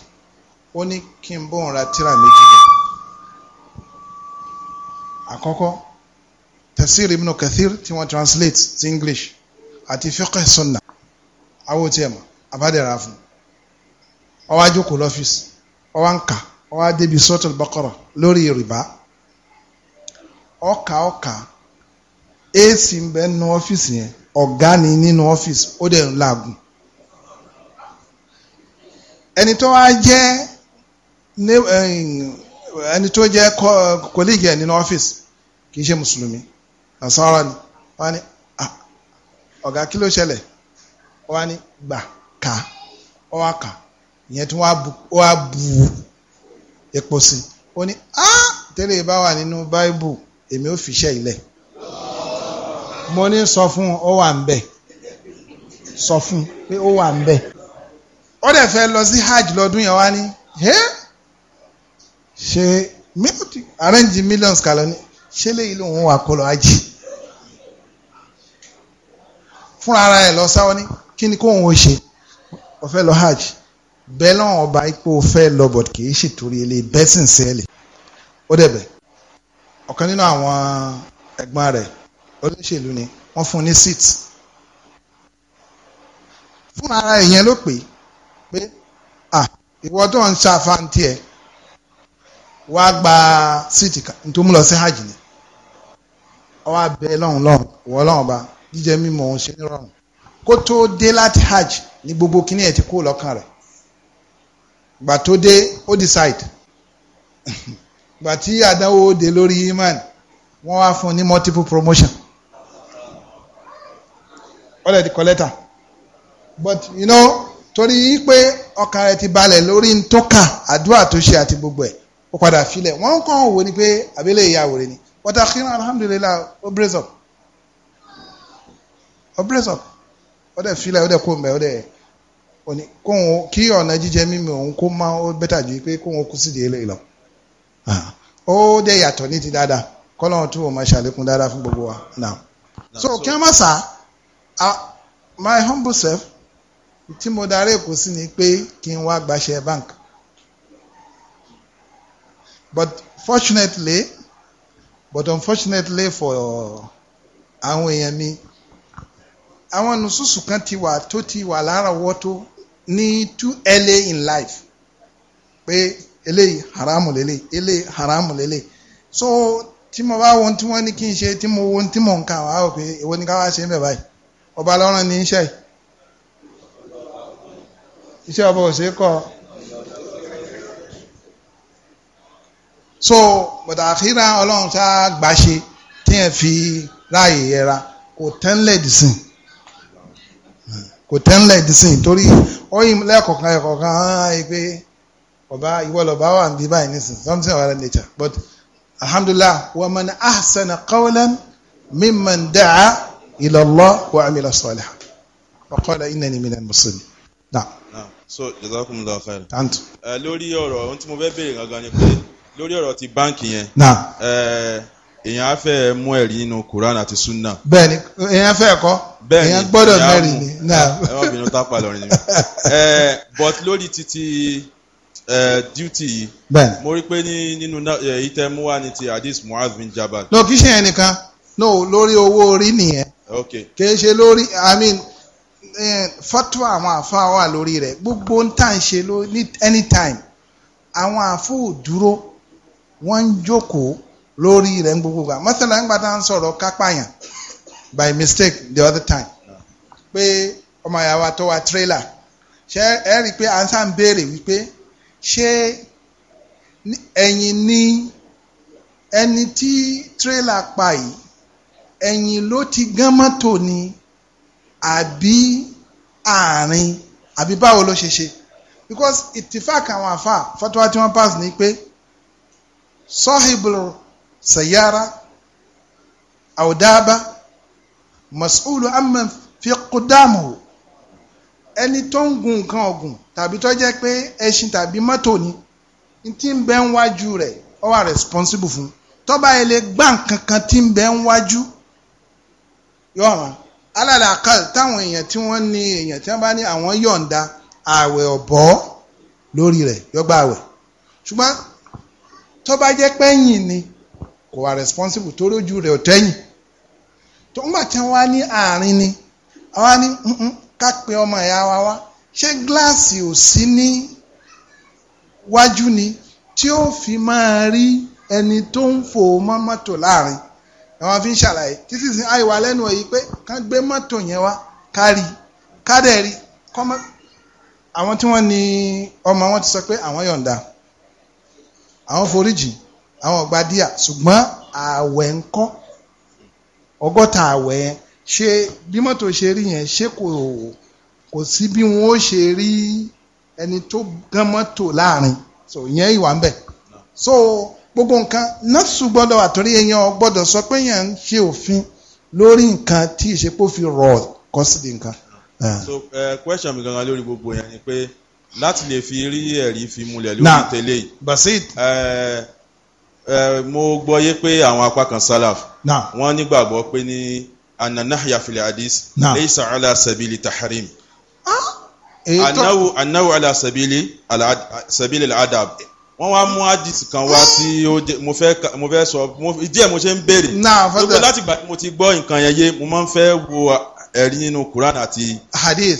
ó ní kí n bóun ra tíra méjì jẹ àkọ́kọ́ tafsir ibn kathir tí wọ́n translate sí english àti fiqh sunna awo tiẹ̀ mọ̀ abádẹ́ra fún ọwájú kò lọ́fíìsì ọwá ń kà ọwá débi suratul Baqara lórí rìbá ọkà ọkà ac ń bẹ nínú ọ́fíìsì yẹn ọ̀gá ni nínú ọ́fíìsì ó dẹ̀ ń làágùn ẹni tó wá jẹ́ eh, ẹni tó jẹ́ kọ́líìgì ẹ̀ nínú ọ́fíìsì kì í ṣe mùsùlùmí àsánra ni wọ́n á ní ah, ọ̀gá kí ló ṣẹlẹ̀ wọ́n á ní gbà ká wọ́n á ìyẹn tí wọ́n á bu epo sí i ó ní á tẹ́lẹ̀ bá wà nínú báíbù èmi ò fi iṣẹ́ ilẹ̀ mo ní sọ fún ọ wà ń bẹ̀ sọ fún pé ó wà ń bẹ̀ ó dẹ̀ fẹ́ lọ sí hajj lọ́dún yẹn wá ní ṣe mílíọ̀tì arrange millions kalọ̀ ní ṣé léyìí lòun wà kó lọ hajj fúnra ara ẹ̀ lọ sáwọn ní kí ni kóun ó ṣe ó fẹ́ lọ hajj bẹ́ẹ̀ náà ọba ipò fẹ́ lọ bọ̀ kì í sì torí ilé bẹ́sìn sẹ́ẹ̀lì ó dẹ̀bẹ̀ ọ̀kan nínú àwọn ẹ̀gbọ́n rẹ̀ olóṣèlú ni wọ́n fún un ní seat fún ara ìyẹn ló pè pé à ìwọ tó ń ṣàfàǹtì ẹ wàá gba síìtì kan tó mú lọ sí hajj ni ọwọ́ abẹ lọ́hùn lọ́hùn ìwọ lọ́hùn ba jíjẹ mímu òun ṣe nírọ̀rùn kó tó dé láti hajj ní gbogbo kíní ẹ̀ ti kó lọ́kàn rẹ̀ gbà tó dé ó decide gbà tí àdánwò dé lórí iman wọ́n wá fún un ní multiple promotion all right collector but you know torí pé ọkàn rẹ ti balẹ̀ lórí ntọ́ka àdúrà tó ṣe àti gbogbo ẹ̀ ó padà filẹ̀ wọ́n kàn wò ni pé abẹ́lẹ̀ ìyàwó rẹ ni but akínà alhamdulilayi ó brace up ó brace up ó dẹ̀ filẹ̀ ó dẹ̀ kó mbẹ́ ó dẹ̀ kí ọ̀nà jíjẹ mímu òun kó máa ó bẹ́tà ju pé kóun kú sídìí eléyìí lọ ah, ó dẹ̀ yàtọ̀ ní ti dáadáa kọ́lọ́run tó wọ́n máa ṣàlékún dáadáa fún gbogbo wa now so kí wọ́n má sà ah, my humble self tí mo darí èkó sí ni pé kí n wá gbaṣẹ́ bank but fortunately but unfortunately for àwọn èèyàn mi àwọn nùsùsù kan ti wà tó ti wà láràwọ́ tó ní too early in life pé eléyìí haram lele. eléyìí haram lele. so tí mo bá wo tí wọ́n ní kí n ṣe tí mo wo tí mo ń kà wá òkè èwo ni ká wá ṣe ń bẹ̀ báyìí ọba lọ́rùn ní iṣẹ́ iṣẹ́ ọba ò ṣe é kọ́ so bọ̀dà àfihàn ọlọ́run ṣáà gbàṣe tí yẹn fi ráàyè yẹra kò tẹ́ńlẹ̀ dì sìn kò tẹ́ńlẹ̀ dísìn torí ọyìn lẹ́ẹ̀kọ̀kan ẹ̀kọ̀kan hàn ah, án pé ọba ìwọ lọba wà ń bí báyìí nísìn something of that nature but alhamdulillah wa man ahsana qawlan mimman da'a ila Allah wa amila salihan wa qala innani minal muslimin. so jazakumullahu khairan. Eh, lórí ọ̀rọ̀ ohun tí mo fẹ́ béèrè gangan ni pé lórí ọ̀rọ̀ ti báǹkì yẹn èèyàn á fẹ́ mú ẹ̀rí nínú Quran àti Sunna. bẹ́ẹ̀ni èèyàn fẹ́ kọ́ èèyàn gbọ́dọ̀ mẹ́rin ni. ẹ má bínú tápà lọrin ni but lórí titi duty yìí mo rí pé nínú ìtẹ́mú wa ni ti hadith Muaz bin Jabal. no kì í ṣe yẹn nìkan no lórí owó orí nìyẹn kì í ṣe lórí i mean fatwa àwọn àfa wà lórí rẹ̀ gbogbo ń tà ń ṣe ní anytime àwọn àfọ òdúró wọ́n jókòó lórí rẹ̀ ń gbogbo gbà mọ́tàlá ń gbàdá ń sọ̀rọ̀ kápáyàn by mistake the other time pé ọmọ ìyá wa tó wa tírélà ṣé ẹ rí i pé ansa ń béèrè wípé ṣé ẹ̀yin ní ẹni tí tírélà pa yìí ẹ̀yin ló ti gán mọ́tò ni àbí àárín àbí báwo ló ṣe ṣe because ìtìfáàkì àwọn àfà fọ́tíwá tí wọ́n pass ni pé sọ́hìbùrù. سيارة أو دابة مسؤول عما في قدامه ẹni tó ń gun nǹkan ọ̀gùn tàbí tó jẹ́ pé ẹṣin tàbí mọ́tò ni tí ń bẹ ń wájú rẹ̀ ó wà responsible fún tó bá yẹ lè gbá nǹkan kan tí ń bẹ ń wájú yọ̀ràn alálàákàl táwọn èèyàn tí wọ́n ní èèyàn tí wọ́n bá ní àwọn yọ̀ǹda ààwẹ̀ ọ̀bọ lórí rẹ̀ yọgbà ààwẹ̀ ṣùgbọ́n tó jẹ́ pẹ́yìn ni kò wà responsible tó rójú rẹ̀ ọ̀tẹ́yìn tó ń gbà tí wọ́n á ní àárín ni àwọn á ní ká pe ọmọ ìyá wa wá ṣé gíláàsì ò sí ní wájú ni tí ó fi máa rí ẹni tó ń fò mọ́ mọ́tò láàrin àwọn fi ń ṣàlàyé títí sí àìwá lẹ́nu ẹ̀yí pé kán gbé mọ́tò yẹn wá kárì kádẹ́rì kọ́mọ́ àwọn tí wọ́n ní ọmọ wọn ti sọ pé àwọn yọ̀ǹda àwọn foríjì àwọn ọ̀gbà díà ṣùgbọ́n ààwẹ̀ ń kọ́ ọgọ́ta ààwẹ̀ yẹn ṣé bí mọ́tò ṣe rí yẹn ṣé kò kò sí bí wọ́n ṣe rí ẹni tó gán mọ́tò láàrin so yẹn ìwà ń bẹ̀ so gbogbo nǹkan nọ́ọ̀sù gbọ́dọ̀ wà torí èèyàn gbọ́dọ̀ sọ pé yẹn ń ṣe òfin lórí nǹkan tí ìṣepò fi rọ̀ kọ́ sí di nǹkan. so uh, question mi gangan lórí gbogbo yẹn ni pé láti lè fi rí ẹ̀rí fi múlẹ̀ lórí tẹ́lẹ̀ yìí mo gbọ́ yé pé àwọn apá kan salaf wọ́n nígbàgbọ́ pé ní ananahya filẹ̀ hadith leisa ala sabili tahrim anahu ah! ala sabili al-adab wọ́n wá mú àdìsí kan wá tí mo fẹ́ sọ ìdí ẹ̀ mo ṣe ń béèrè lókè láti gbà mo ti gbọ́ nǹkan yẹn yé mo máa ń fẹ́ wo ẹ̀rí nínú Quran àti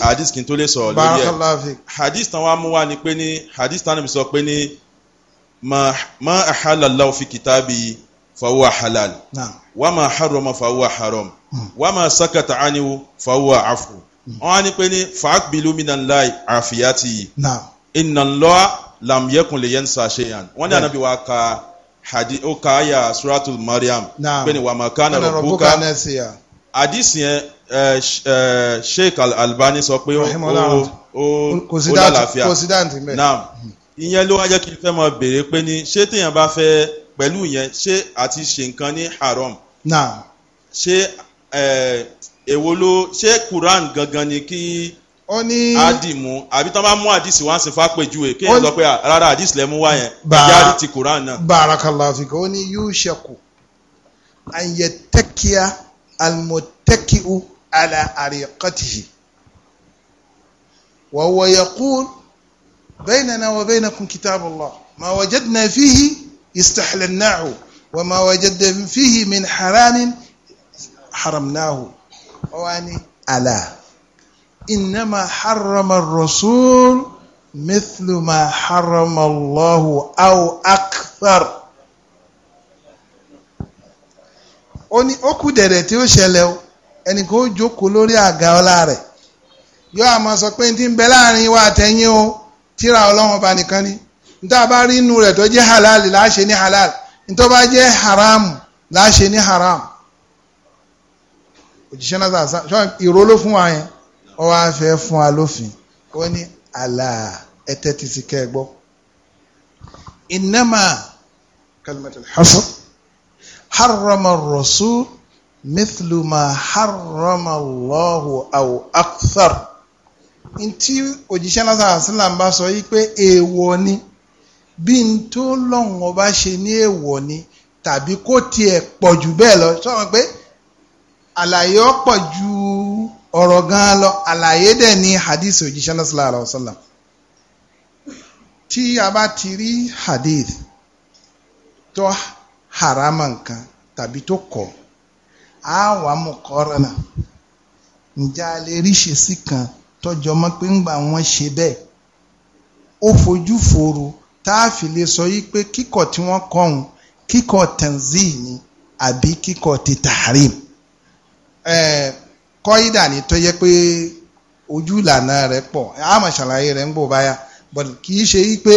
hadith kí n tó lè sọ lórí ẹ̀ hadith tán wá mú wá ni pé ní hadith tán mi sọ pé ní ma ma ahala Allahu fi kitabi fahuwa halal wa ma haroma fahuwa haram hmm. wa ma sakata aniwu fahuwa afu hmm. wọ́n ní pé ní fàákbìlú minan láì àfiyàtì inna Allah lam yakun lè yẹn sàṣẹ yàn wọ́n ní ànábì wa ka hadi ó ka àyà suratul Maryam pé ní wa ma kana rabbuka àdìsí yẹn Sheikh albani sọ pé ó ó lálàáfíà ìyẹn ló wá jẹ́ kí n fẹ́ mọ béèrè pé ní ṣé téèyàn bá fẹ́ pẹ̀lú yẹn ṣé àti ṣe nǹkan ní haram. náà. ṣé èwo ló ṣé Quran gangan ni kí ó ní. àdìmú àbí tán bá mú àdìsí wá sí fàpèjúwe kéèyàn sọ pé rárá àdìsí lẹ mú wá yẹn ìjárí ti koran náà. barakallahu ó ní yushaku anyatakia almotekiu ala ariqatihi wa huwa yaqul بيننا وبينكم كتاب الله ما وجدنا فيه استحللناه وما وجدنا فيه من حرام حرمناه واني ألا إنما حرم الرسول مثل ما حرم الله أو أكثر ó ní ó kù dẹ̀dẹ̀ tí ó ṣẹlẹ̀ o ẹnìkan ó jókòó lórí àga ọlá rẹ̀ yóò àmọ́ sọ pé ti ń bẹ láàrin wa àtẹ̀yìn o tíra ọlọ́run ọba nìkan ni níta bá rí inú rẹ̀ tó jẹ́ halal láṣẹ ní halal níta bá jẹ́ haram láṣẹ ní haram òjíṣẹ́ náà sàṣà ṣọ́ ìró ló fún wa yẹn ó wá fẹ́ fún wa lófin ó ní àlà ẹ̀tẹ́ ti sì kẹ́ ẹ gbọ́ innama kalimatul hasr rasul mithluma harrama allahu aw akthar. n tí òjíṣẹ́ lásán àṣìlá ń bá sọ yí pé èèwọ̀ ni bí n tó ọba ṣe ní èèwọ̀ ni tàbí kó tiẹ̀ pọ̀ jù bẹ́ẹ̀ lọ sọ̀rọ̀ pé àlàyé ọ̀pọ̀ ju ọ̀rọ̀ gan lọ àlàyé dẹ̀ ní hadith òjíṣẹ́ lásán àṣìlá tí a bá ti rí hadith tó harama nǹkan tàbí tó kọ̀ á wà mú ǹjẹ́ a lè ríṣe tọjọ mọ pé ńgbà wọn ṣe bẹ́ẹ̀ ó fojú fòrò tá a fi lè sọ yìí pé kíkọ̀ tí wọ́n kọ òun kíkọ̀ tanzi ni àbí kíkọ̀ ti tahrim ẹ kọ́ídà ni tó yẹ pé ojú ìlànà rẹ̀ pọ̀ àmọ̀ ṣàlàyé rẹ̀ ń bò báyà but kì í ṣe yìí pé.